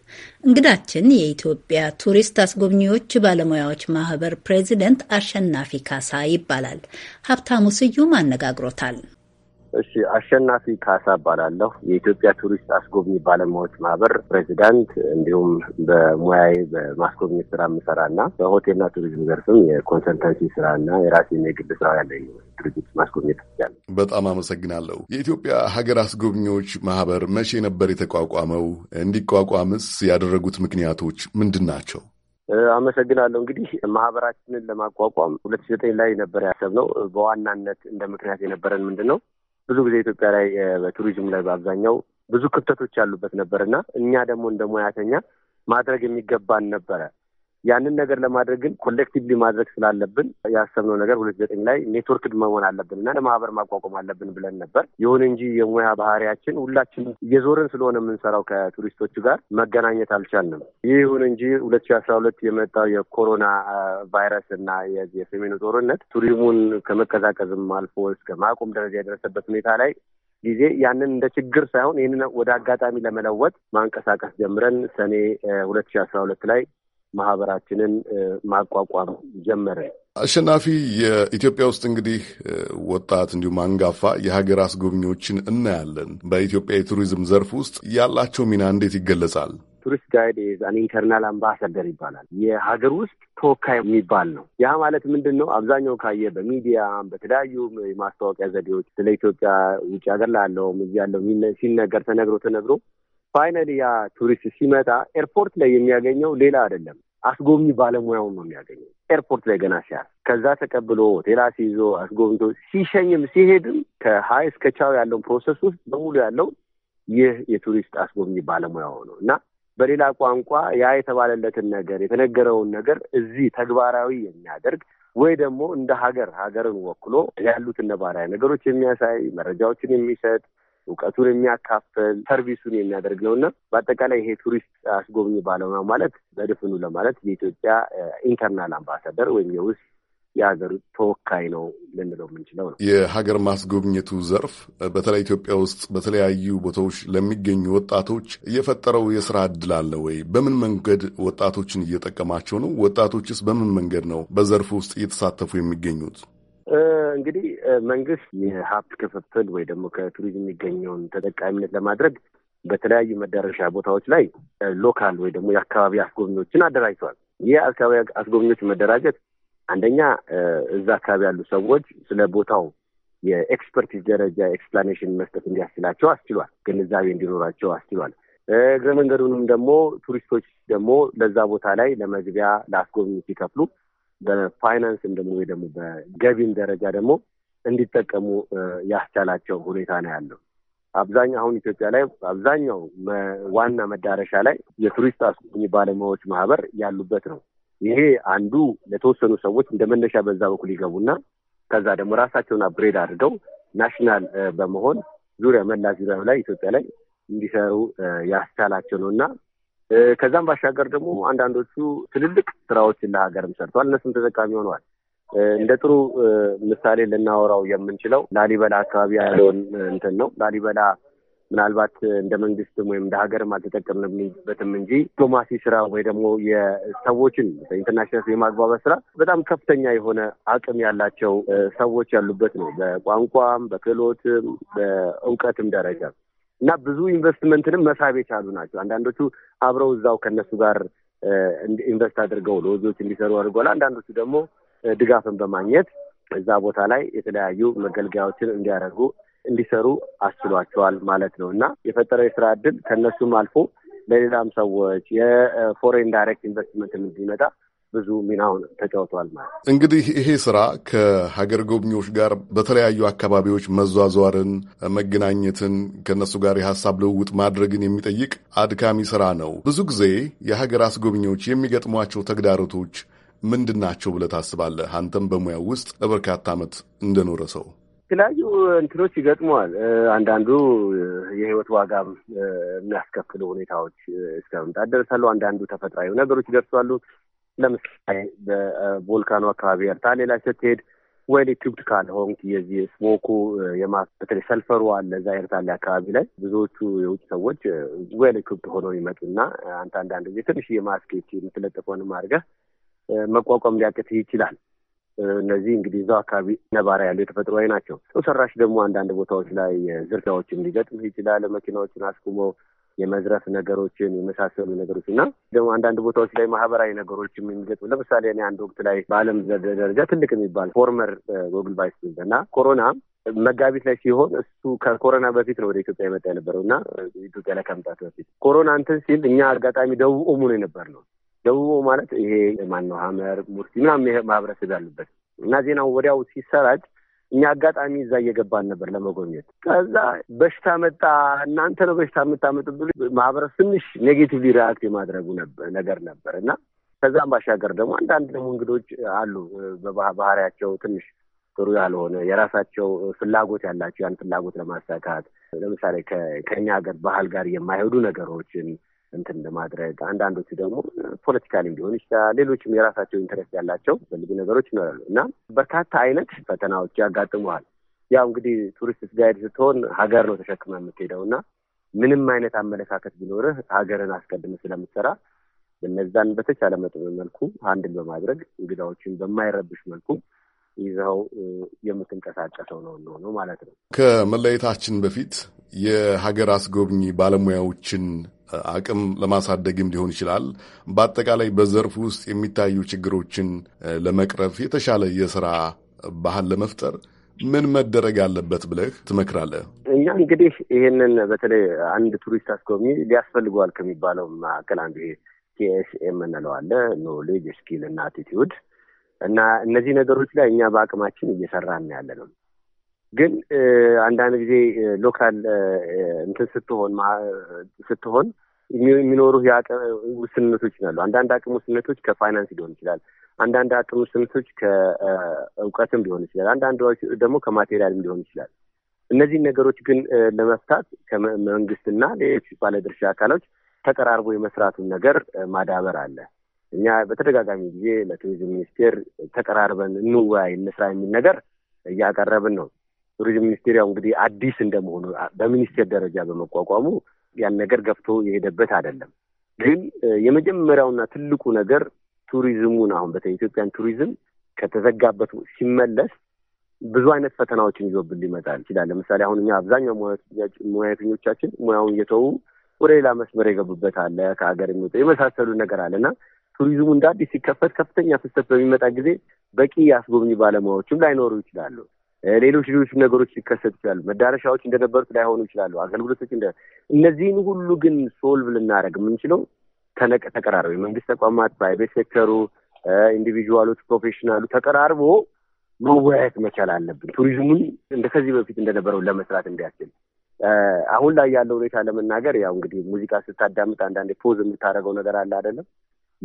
እንግዳችን የኢትዮጵያ ቱሪስት አስጎብኚዎች ባለሙያዎች ማህበር ፕሬዚደንት አሸናፊ ካሳ ይባላል። ሀብታሙ ስዩም አነጋግሮታል። እሺ አሸናፊ ካሳ እባላለሁ። የኢትዮጵያ ቱሪስት አስጎብኚ ባለሙያዎች ማህበር ፕሬዚዳንት፣ እንዲሁም በሙያዬ በማስጎብኝ ስራ የምሰራና በሆቴልና ቱሪዝም ዘርፍም የኮንሰልታንሲ ስራና የራሴን የግል ስራ ያለኝ ድርጅት ማስጎብኝ ያለ። በጣም አመሰግናለሁ። የኢትዮጵያ ሀገር አስጎብኚዎች ማህበር መቼ ነበር የተቋቋመው? እንዲቋቋምስ ያደረጉት ምክንያቶች ምንድን ናቸው? አመሰግናለሁ። እንግዲህ ማህበራችንን ለማቋቋም ሁለት ሺህ ዘጠኝ ላይ ነበር ያሰብነው። በዋናነት እንደ ምክንያት የነበረን ምንድን ነው ብዙ ጊዜ ኢትዮጵያ ላይ በቱሪዝም ላይ በአብዛኛው ብዙ ክፍተቶች ያሉበት ነበር እና እኛ ደግሞ እንደ ሙያተኛ ማድረግ የሚገባን ነበረ። ያንን ነገር ለማድረግ ግን ኮሌክቲቭሊ ማድረግ ስላለብን ያሰብነው ነገር ሁለት ዘጠኝ ላይ ኔትወርክ መሆን አለብን እና ለማህበር ማቋቋም አለብን ብለን ነበር። ይሁን እንጂ የሙያ ባህሪያችን ሁላችን እየዞርን ስለሆነ የምንሰራው ከቱሪስቶቹ ጋር መገናኘት አልቻልንም። ይሁን እንጂ ሁለት ሺ አስራ ሁለት የመጣው የኮሮና ቫይረስ እና የሰሜኑ ጦርነት ቱሪዝሙን ከመቀዛቀዝም አልፎ እስከ ማቆም ደረጃ የደረሰበት ሁኔታ ላይ ጊዜ ያንን እንደ ችግር ሳይሆን ይህንን ወደ አጋጣሚ ለመለወጥ ማንቀሳቀስ ጀምረን ሰኔ ሁለት ሺ አስራ ሁለት ላይ ማህበራችንን ማቋቋም ጀመርን። አሸናፊ የኢትዮጵያ ውስጥ እንግዲህ ወጣት እንዲሁም አንጋፋ የሀገር አስጎብኚዎችን እናያለን። በኢትዮጵያ የቱሪዝም ዘርፍ ውስጥ ያላቸው ሚና እንዴት ይገለጻል? ቱሪስት ጋይድ ዛን ኢንተርናል አምባሳደር ይባላል። የሀገር ውስጥ ተወካይ የሚባል ነው። ያ ማለት ምንድን ነው? አብዛኛው ካየ በሚዲያ በተለያዩ የማስታወቂያ ዘዴዎች ስለ ኢትዮጵያ ውጭ ሀገር ላለውም እዚህ ያለው ሲነገር ተነግሮ ተነግሮ ፋይናሊ ያ ቱሪስት ሲመጣ ኤርፖርት ላይ የሚያገኘው ሌላ አይደለም፣ አስጎብኚ ባለሙያውን ነው የሚያገኘው። ኤርፖርት ላይ ገና ሲያ ከዛ ተቀብሎ ሆቴል አስይዞ አስጎብኝቶ ሲሸኝም ሲሄድም ከሀይ እስከ ቻው ያለውን ፕሮሰስ ውስጥ በሙሉ ያለው ይህ የቱሪስት አስጎብኚ ባለሙያው ነው እና በሌላ ቋንቋ ያ የተባለለትን ነገር የተነገረውን ነገር እዚህ ተግባራዊ የሚያደርግ ወይ ደግሞ እንደ ሀገር ሀገርን ወክሎ ያሉትን ነባራዊ ነገሮች የሚያሳይ መረጃዎችን የሚሰጥ እውቀቱን የሚያካፍል ሰርቪሱን የሚያደርግ ነው እና በአጠቃላይ ይሄ ቱሪስት አስጎብኝ ባለሙያ ማለት በድፍኑ ለማለት የኢትዮጵያ ኢንተርናል አምባሳደር ወይም የውስጥ የሀገር ተወካይ ነው ልንለው የምንችለው ነው። የሀገር ማስጎብኘቱ ዘርፍ በተለይ ኢትዮጵያ ውስጥ በተለያዩ ቦታዎች ለሚገኙ ወጣቶች እየፈጠረው የስራ እድል አለ ወይ? በምን መንገድ ወጣቶችን እየጠቀማቸው ነው? ወጣቶችስ በምን መንገድ ነው በዘርፉ ውስጥ እየተሳተፉ የሚገኙት? እንግዲህ መንግስት የሀብት ክፍፍል ወይ ደግሞ ከቱሪዝም የሚገኘውን ተጠቃሚነት ለማድረግ በተለያዩ መዳረሻ ቦታዎች ላይ ሎካል ወይ ደግሞ የአካባቢ አስጎብኚዎችን አደራጅተዋል። ይህ አካባቢ አስጎብኚዎች መደራጀት አንደኛ እዛ አካባቢ ያሉ ሰዎች ስለ ቦታው የኤክስፐርቲዝ ደረጃ ኤክስፕላኔሽን መስጠት እንዲያስችላቸው አስችሏል። ግንዛቤ እንዲኖራቸው አስችሏል። እግረ መንገዱንም ደግሞ ቱሪስቶች ደግሞ ለዛ ቦታ ላይ ለመግቢያ ለአስጎብኚ ሲከፍሉ በፋይናንስም ደግሞ ወይ ደግሞ በገቢም ደረጃ ደግሞ እንዲጠቀሙ ያስቻላቸው ሁኔታ ነው ያለው። አብዛኛው አሁን ኢትዮጵያ ላይ አብዛኛው ዋና መዳረሻ ላይ የቱሪስት አስጎኝ ባለሙያዎች ማህበር ያሉበት ነው። ይሄ አንዱ ለተወሰኑ ሰዎች እንደ መነሻ በዛ በኩል ይገቡና ከዛ ደግሞ ራሳቸውን አፕግሬድ አድርገው ናሽናል በመሆን ዙሪያ መላ ዙሪያ ላይ ኢትዮጵያ ላይ እንዲሰሩ ያስቻላቸው ነው እና ከዛም ባሻገር ደግሞ አንዳንዶቹ ትልልቅ ስራዎችን ለሀገርም ሰርተዋል። እነሱም ተጠቃሚ ሆነዋል። እንደ ጥሩ ምሳሌ ልናወራው የምንችለው ላሊበላ አካባቢ ያለውን እንትን ነው። ላሊበላ ምናልባት እንደ መንግስትም ወይም እንደ ሀገርም አልተጠቀምንበትም እንጂ ዲፕሎማሲ ስራ ወይ ደግሞ የሰዎችን ኢንተርናሽናል የማግባባት ስራ በጣም ከፍተኛ የሆነ አቅም ያላቸው ሰዎች ያሉበት ነው። በቋንቋም፣ በክህሎትም፣ በእውቀትም ደረጃ እና ብዙ ኢንቨስትመንትንም መሳብ የቻሉ ናቸው። አንዳንዶቹ አብረው እዛው ከነሱ ጋር ኢንቨስት አድርገው ለወዚዎች እንዲሰሩ አድርገዋል። አንዳንዶቹ ደግሞ ድጋፍን በማግኘት እዛ ቦታ ላይ የተለያዩ መገልገያዎችን እንዲያደርጉ እንዲሰሩ አስችሏቸዋል ማለት ነው እና የፈጠረው የስራ እድል ከእነሱም አልፎ ለሌላም ሰዎች የፎሬን ዳይሬክት ኢንቨስትመንት እንዲመጣ ብዙ ሚናውን ተጫውተዋል ማለት እንግዲህ ይሄ ስራ ከሀገር ጎብኚዎች ጋር በተለያዩ አካባቢዎች መዟዟርን፣ መገናኘትን፣ ከእነሱ ጋር የሀሳብ ልውውጥ ማድረግን የሚጠይቅ አድካሚ ስራ ነው። ብዙ ጊዜ የሀገር አስጎብኚዎች የሚገጥሟቸው ተግዳሮቶች ምንድን ናቸው ብለህ ታስባለህ? አንተም በሙያው ውስጥ ለበርካታ ዓመት እንደኖረ ሰው የተለያዩ እንትኖች ይገጥመዋል። አንዳንዱ የህይወት ዋጋም የሚያስከፍሉ ሁኔታዎች እስከ መምጣት ደርሳሉ። አንዳንዱ ተፈጥሯዊ ነገሮች ይደርሳሉ። ለምሳሌ በቮልካኖ አካባቢ ኤርታሌ ላይ ስትሄድ ወይ ቱብድ ካልሆንክ የዚህ ስሞኩ በተለይ ሰልፈሩ አለ እዛ ኤርታሌ አካባቢ ላይ ብዙዎቹ የውጭ ሰዎች ወይል ቱብድ ሆነው ይመጡና አንተ አንዳንድ ጊዜ ትንሽ የማስኬች የምትለጥፈውንም አድርገህ መቋቋም ሊያቅት ይችላል። እነዚህ እንግዲህ እዛው አካባቢ ነባራ ያሉ የተፈጥሯዊ ናቸው። ሰው ሰራሽ ደግሞ አንዳንድ ቦታዎች ላይ ዝርጋዎችም ሊገጥም ይችላል። መኪናዎችን አስቁመው የመዝረፍ ነገሮችን የመሳሰሉ ነገሮች እና ደግሞ አንዳንድ ቦታዎች ላይ ማህበራዊ ነገሮች የሚገጥሙ ለምሳሌ እኔ አንድ ወቅት ላይ በዓለም ደረጃ ትልቅ የሚባል ፎርመር ጎግል ባይስ እና ኮሮና መጋቢት ላይ ሲሆን እሱ ከኮሮና በፊት ነው ወደ ኢትዮጵያ የመጣ የነበረው እና ኢትዮጵያ ላይ ከመምጣቱ በፊት ኮሮና እንትን ሲል እኛ አጋጣሚ ደቡብ ኦሞ ነው የነበር ነው። ደቡብ ማለት ይሄ ማነው ሀመር፣ ሙርሲ ምናምን ማህበረሰብ ያሉበት እና ዜናው ወዲያው ሲሰራጭ እኛ አጋጣሚ እዛ እየገባን ነበር ለመጎብኘት። ከዛ በሽታ መጣ፣ እናንተ ነው በሽታ የምታመጡ ብሎ ማህበረሰብ ትንሽ ኔጌቲቭ ሪአክት የማድረጉ ነገር ነበር እና ከዛም ባሻገር ደግሞ አንዳንድ ደግሞ እንግዶች አሉ በባህሪያቸው ትንሽ ጥሩ ያልሆነ የራሳቸው ፍላጎት ያላቸው ያን ፍላጎት ለማሳካት ለምሳሌ ከኛ ሀገር ባህል ጋር የማይሄዱ ነገሮችን እንትን ለማድረግ አንዳንዶቹ ደግሞ ፖለቲካሊም ሊሆን ይችላል። ሌሎችም የራሳቸው ኢንተረስት ያላቸው ፈልጉ ነገሮች ይኖራሉ እና በርካታ አይነት ፈተናዎች ያጋጥመዋል። ያው እንግዲህ ቱሪስት ጋይድ ስትሆን ሀገር ነው ተሸክመ የምትሄደው እና ምንም አይነት አመለካከት ቢኖርህ ሀገርን አስቀድመ ስለምትሰራ እነዛን በተቻለ መጠን መልኩ አንድን በማድረግ እንግዳዎችን በማይረብሽ መልኩ ይዘው የምትንቀሳቀሰው ነው የሚሆነው ማለት ነው። ከመለየታችን በፊት የሀገር አስጎብኚ ባለሙያዎችን አቅም ለማሳደግም ሊሆን ይችላል። በአጠቃላይ በዘርፍ ውስጥ የሚታዩ ችግሮችን ለመቅረፍ የተሻለ የስራ ባህል ለመፍጠር ምን መደረግ አለበት ብለህ ትመክራለህ? እኛ እንግዲህ ይህንን በተለይ አንድ ቱሪስት አስጎብኚ ሊያስፈልገዋል ከሚባለው መካከል አንዱ ይሄ ቲኤስኤ የምንለው አለ ኖሌጅ ስኪል እና አቲቲዩድ እና እነዚህ ነገሮች ላይ እኛ በአቅማችን እየሰራን ያለ ነው። ግን አንዳንድ ጊዜ ሎካል እንትን ስትሆን ስትሆን የሚኖሩ ውስንነቶች ናሉ። አንዳንድ አቅም ውስንነቶች ከፋይናንስ ሊሆን ይችላል። አንዳንድ አቅም ውስንነቶች ከእውቀትም ሊሆን ይችላል። አንዳንድ ደግሞ ከማቴሪያልም ሊሆን ይችላል። እነዚህን ነገሮች ግን ለመፍታት ከመንግስትና ሌሎች ባለድርሻ አካሎች ተቀራርቦ የመስራቱን ነገር ማዳበር አለ። እኛ በተደጋጋሚ ጊዜ ለቱሪዝም ሚኒስቴር ተቀራርበን እንወያይ፣ እንስራ የሚል ነገር እያቀረብን ነው። ቱሪዝም ሚኒስቴር ያው እንግዲህ አዲስ እንደመሆኑ በሚኒስቴር ደረጃ በመቋቋሙ ያን ነገር ገፍቶ የሄደበት አይደለም። ግን የመጀመሪያውና ትልቁ ነገር ቱሪዝሙን አሁን በተለይ ኢትዮጵያን ቱሪዝም ከተዘጋበት ሲመለስ ብዙ አይነት ፈተናዎችን ይዞብን ሊመጣ ይችላል። ለምሳሌ አሁን እኛ አብዛኛው ሙያተኞቻችን ሙያውን እየተዉ ወደ ሌላ መስመር የገቡበት አለ፣ ከሀገር የሚወጡ የመሳሰሉ ነገር አለ እና ቱሪዝሙ እንደ አዲስ ሲከፈት ከፍተኛ ፍሰት በሚመጣ ጊዜ በቂ አስጎብኝ ባለሙያዎችም ላይኖሩ ይችላሉ። ሌሎች ሌሎች ነገሮች ሊከሰቱ ይችላሉ። መዳረሻዎች እንደነበሩት ላይሆኑ ይችላሉ። አገልግሎቶች እንደ እነዚህን ሁሉ ግን ሶልቭ ልናደርግ የምንችለው ተነቀ ተቀራርበ የመንግስት ተቋማት፣ ፕራይቬት ሴክተሩ፣ ኢንዲቪዥዋሎች፣ ፕሮፌሽናሉ ተቀራርቦ መወያየት መቻል አለብን። ቱሪዝሙን እንደ ከዚህ በፊት እንደነበረው ለመስራት እንዲያስችል አሁን ላይ ያለው ሁኔታ ለመናገር ያው እንግዲህ ሙዚቃ ስታዳምጥ አንዳንዴ ፖዝ የምታደርገው ነገር አለ አይደለም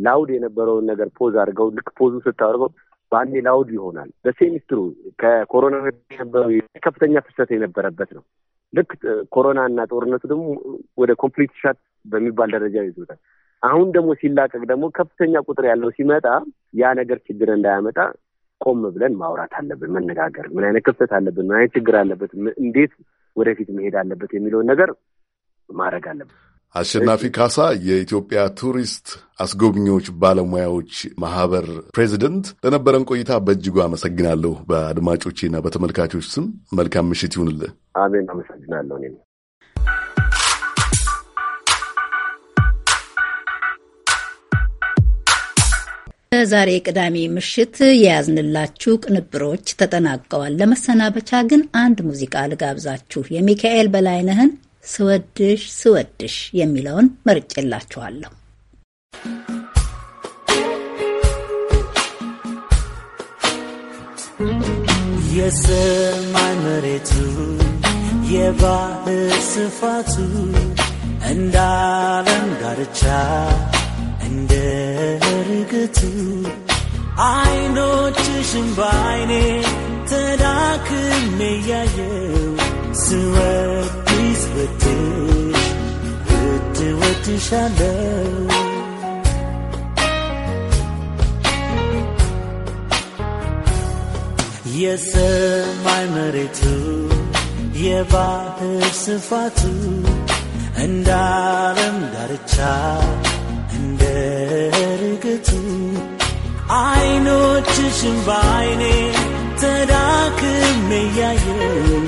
ላውድ የነበረውን ነገር ፖዝ አድርገው ልክ ፖዙ ስታደርገው በአንዴ ላውድ ይሆናል። በሴሚስትሩ ከኮሮና የነበረው ከፍተኛ ፍሰት የነበረበት ነው። ልክ ኮሮና እና ጦርነቱ ደግሞ ወደ ኮምፕሊት ሻት በሚባል ደረጃ ይዞታል። አሁን ደግሞ ሲላቀቅ ደግሞ ከፍተኛ ቁጥር ያለው ሲመጣ ያ ነገር ችግር እንዳያመጣ ቆም ብለን ማውራት አለብን፣ መነጋገር፣ ምን አይነት ክፍተት አለብን፣ ምን አይነት ችግር አለበት፣ እንዴት ወደፊት መሄድ አለበት የሚለውን ነገር ማድረግ አለብን። አሸናፊ ካሳ የኢትዮጵያ ቱሪስት አስጎብኚዎች ባለሙያዎች ማህበር ፕሬዚደንት፣ ለነበረን ቆይታ በእጅጉ አመሰግናለሁ። በአድማጮቼና በተመልካቾች ስም መልካም ምሽት ይሁንልህ። አሜን። አመሰግናለሁ ዛሬ ቅዳሜ ምሽት የያዝንላችሁ ቅንብሮች ተጠናቀዋል። ለመሰናበቻ ግን አንድ ሙዚቃ ልጋብዛችሁ። የሚካኤል በላይነህን ስወድሽ ስወድሽ የሚለውን መርጬላችኋለሁ። የሰማይ መሬቱ የባህር ስፋቱ እንደ ዓለም ዳርቻ እንደ ርግቱ አይኖችሽን በአይኔ ተዳክሜ ያየው ስወድሽ ወድሽ ውድ ወድሻለው የሰማይ መሬቱ የባህር ስፋቱ እንደ ዓለም ዳርቻ እንደ ርግቱ አይኖችሽን በአይኔ ተዳክሜ እያየው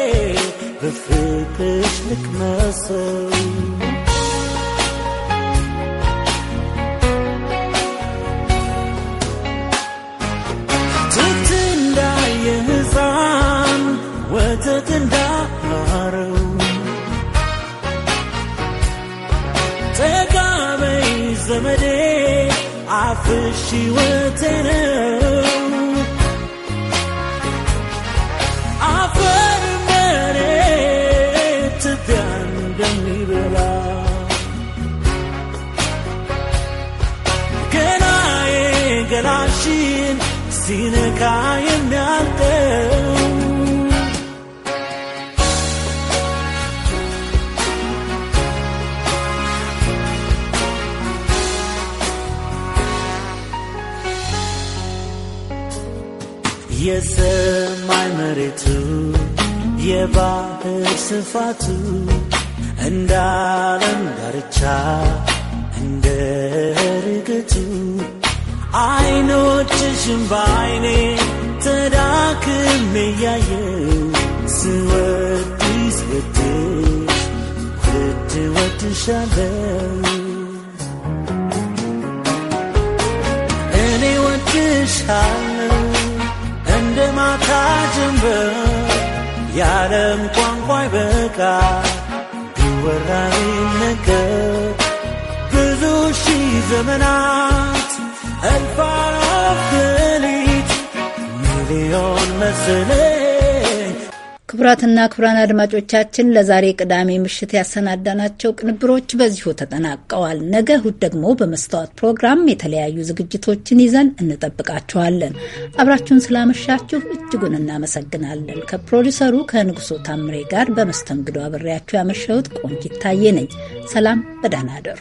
رفقتك لك ما سوي ወተት እንዳረው ጠጋበይ ዘመዴ አፍሽ ወቴ ነው ገላሽን ሲነካ የሚያልጠው የሰማይ መሬቱ የባህር ስፋቱ እንደ ዓለም ዳርቻ እንደ ርግቱ አይኖችሽም ባይኔ ተዳክም እያየው ስወድሽ ወድሽ ውድ እኔ ወድሻለው እንደ ማታ ጀንበር የዓለም ቋንቋ ይበቃ ቢወራኝ ነገር ብዙ ሺህ ዘመናት and far off million ክቡራትና ክቡራን አድማጮቻችን ለዛሬ ቅዳሜ ምሽት ያሰናዳናቸው ቅንብሮች በዚሁ ተጠናቀዋል። ነገ እሁድ ደግሞ በመስተዋት ፕሮግራም የተለያዩ ዝግጅቶችን ይዘን እንጠብቃችኋለን። አብራችሁን ስላመሻችሁ እጅጉን እናመሰግናለን። ከፕሮዲሰሩ ከንጉሶ ታምሬ ጋር በመስተንግዶ አብሬያችሁ ያመሸሁት ቆንጅ ይታየ ነኝ። ሰላም፣ በደህና አደሩ።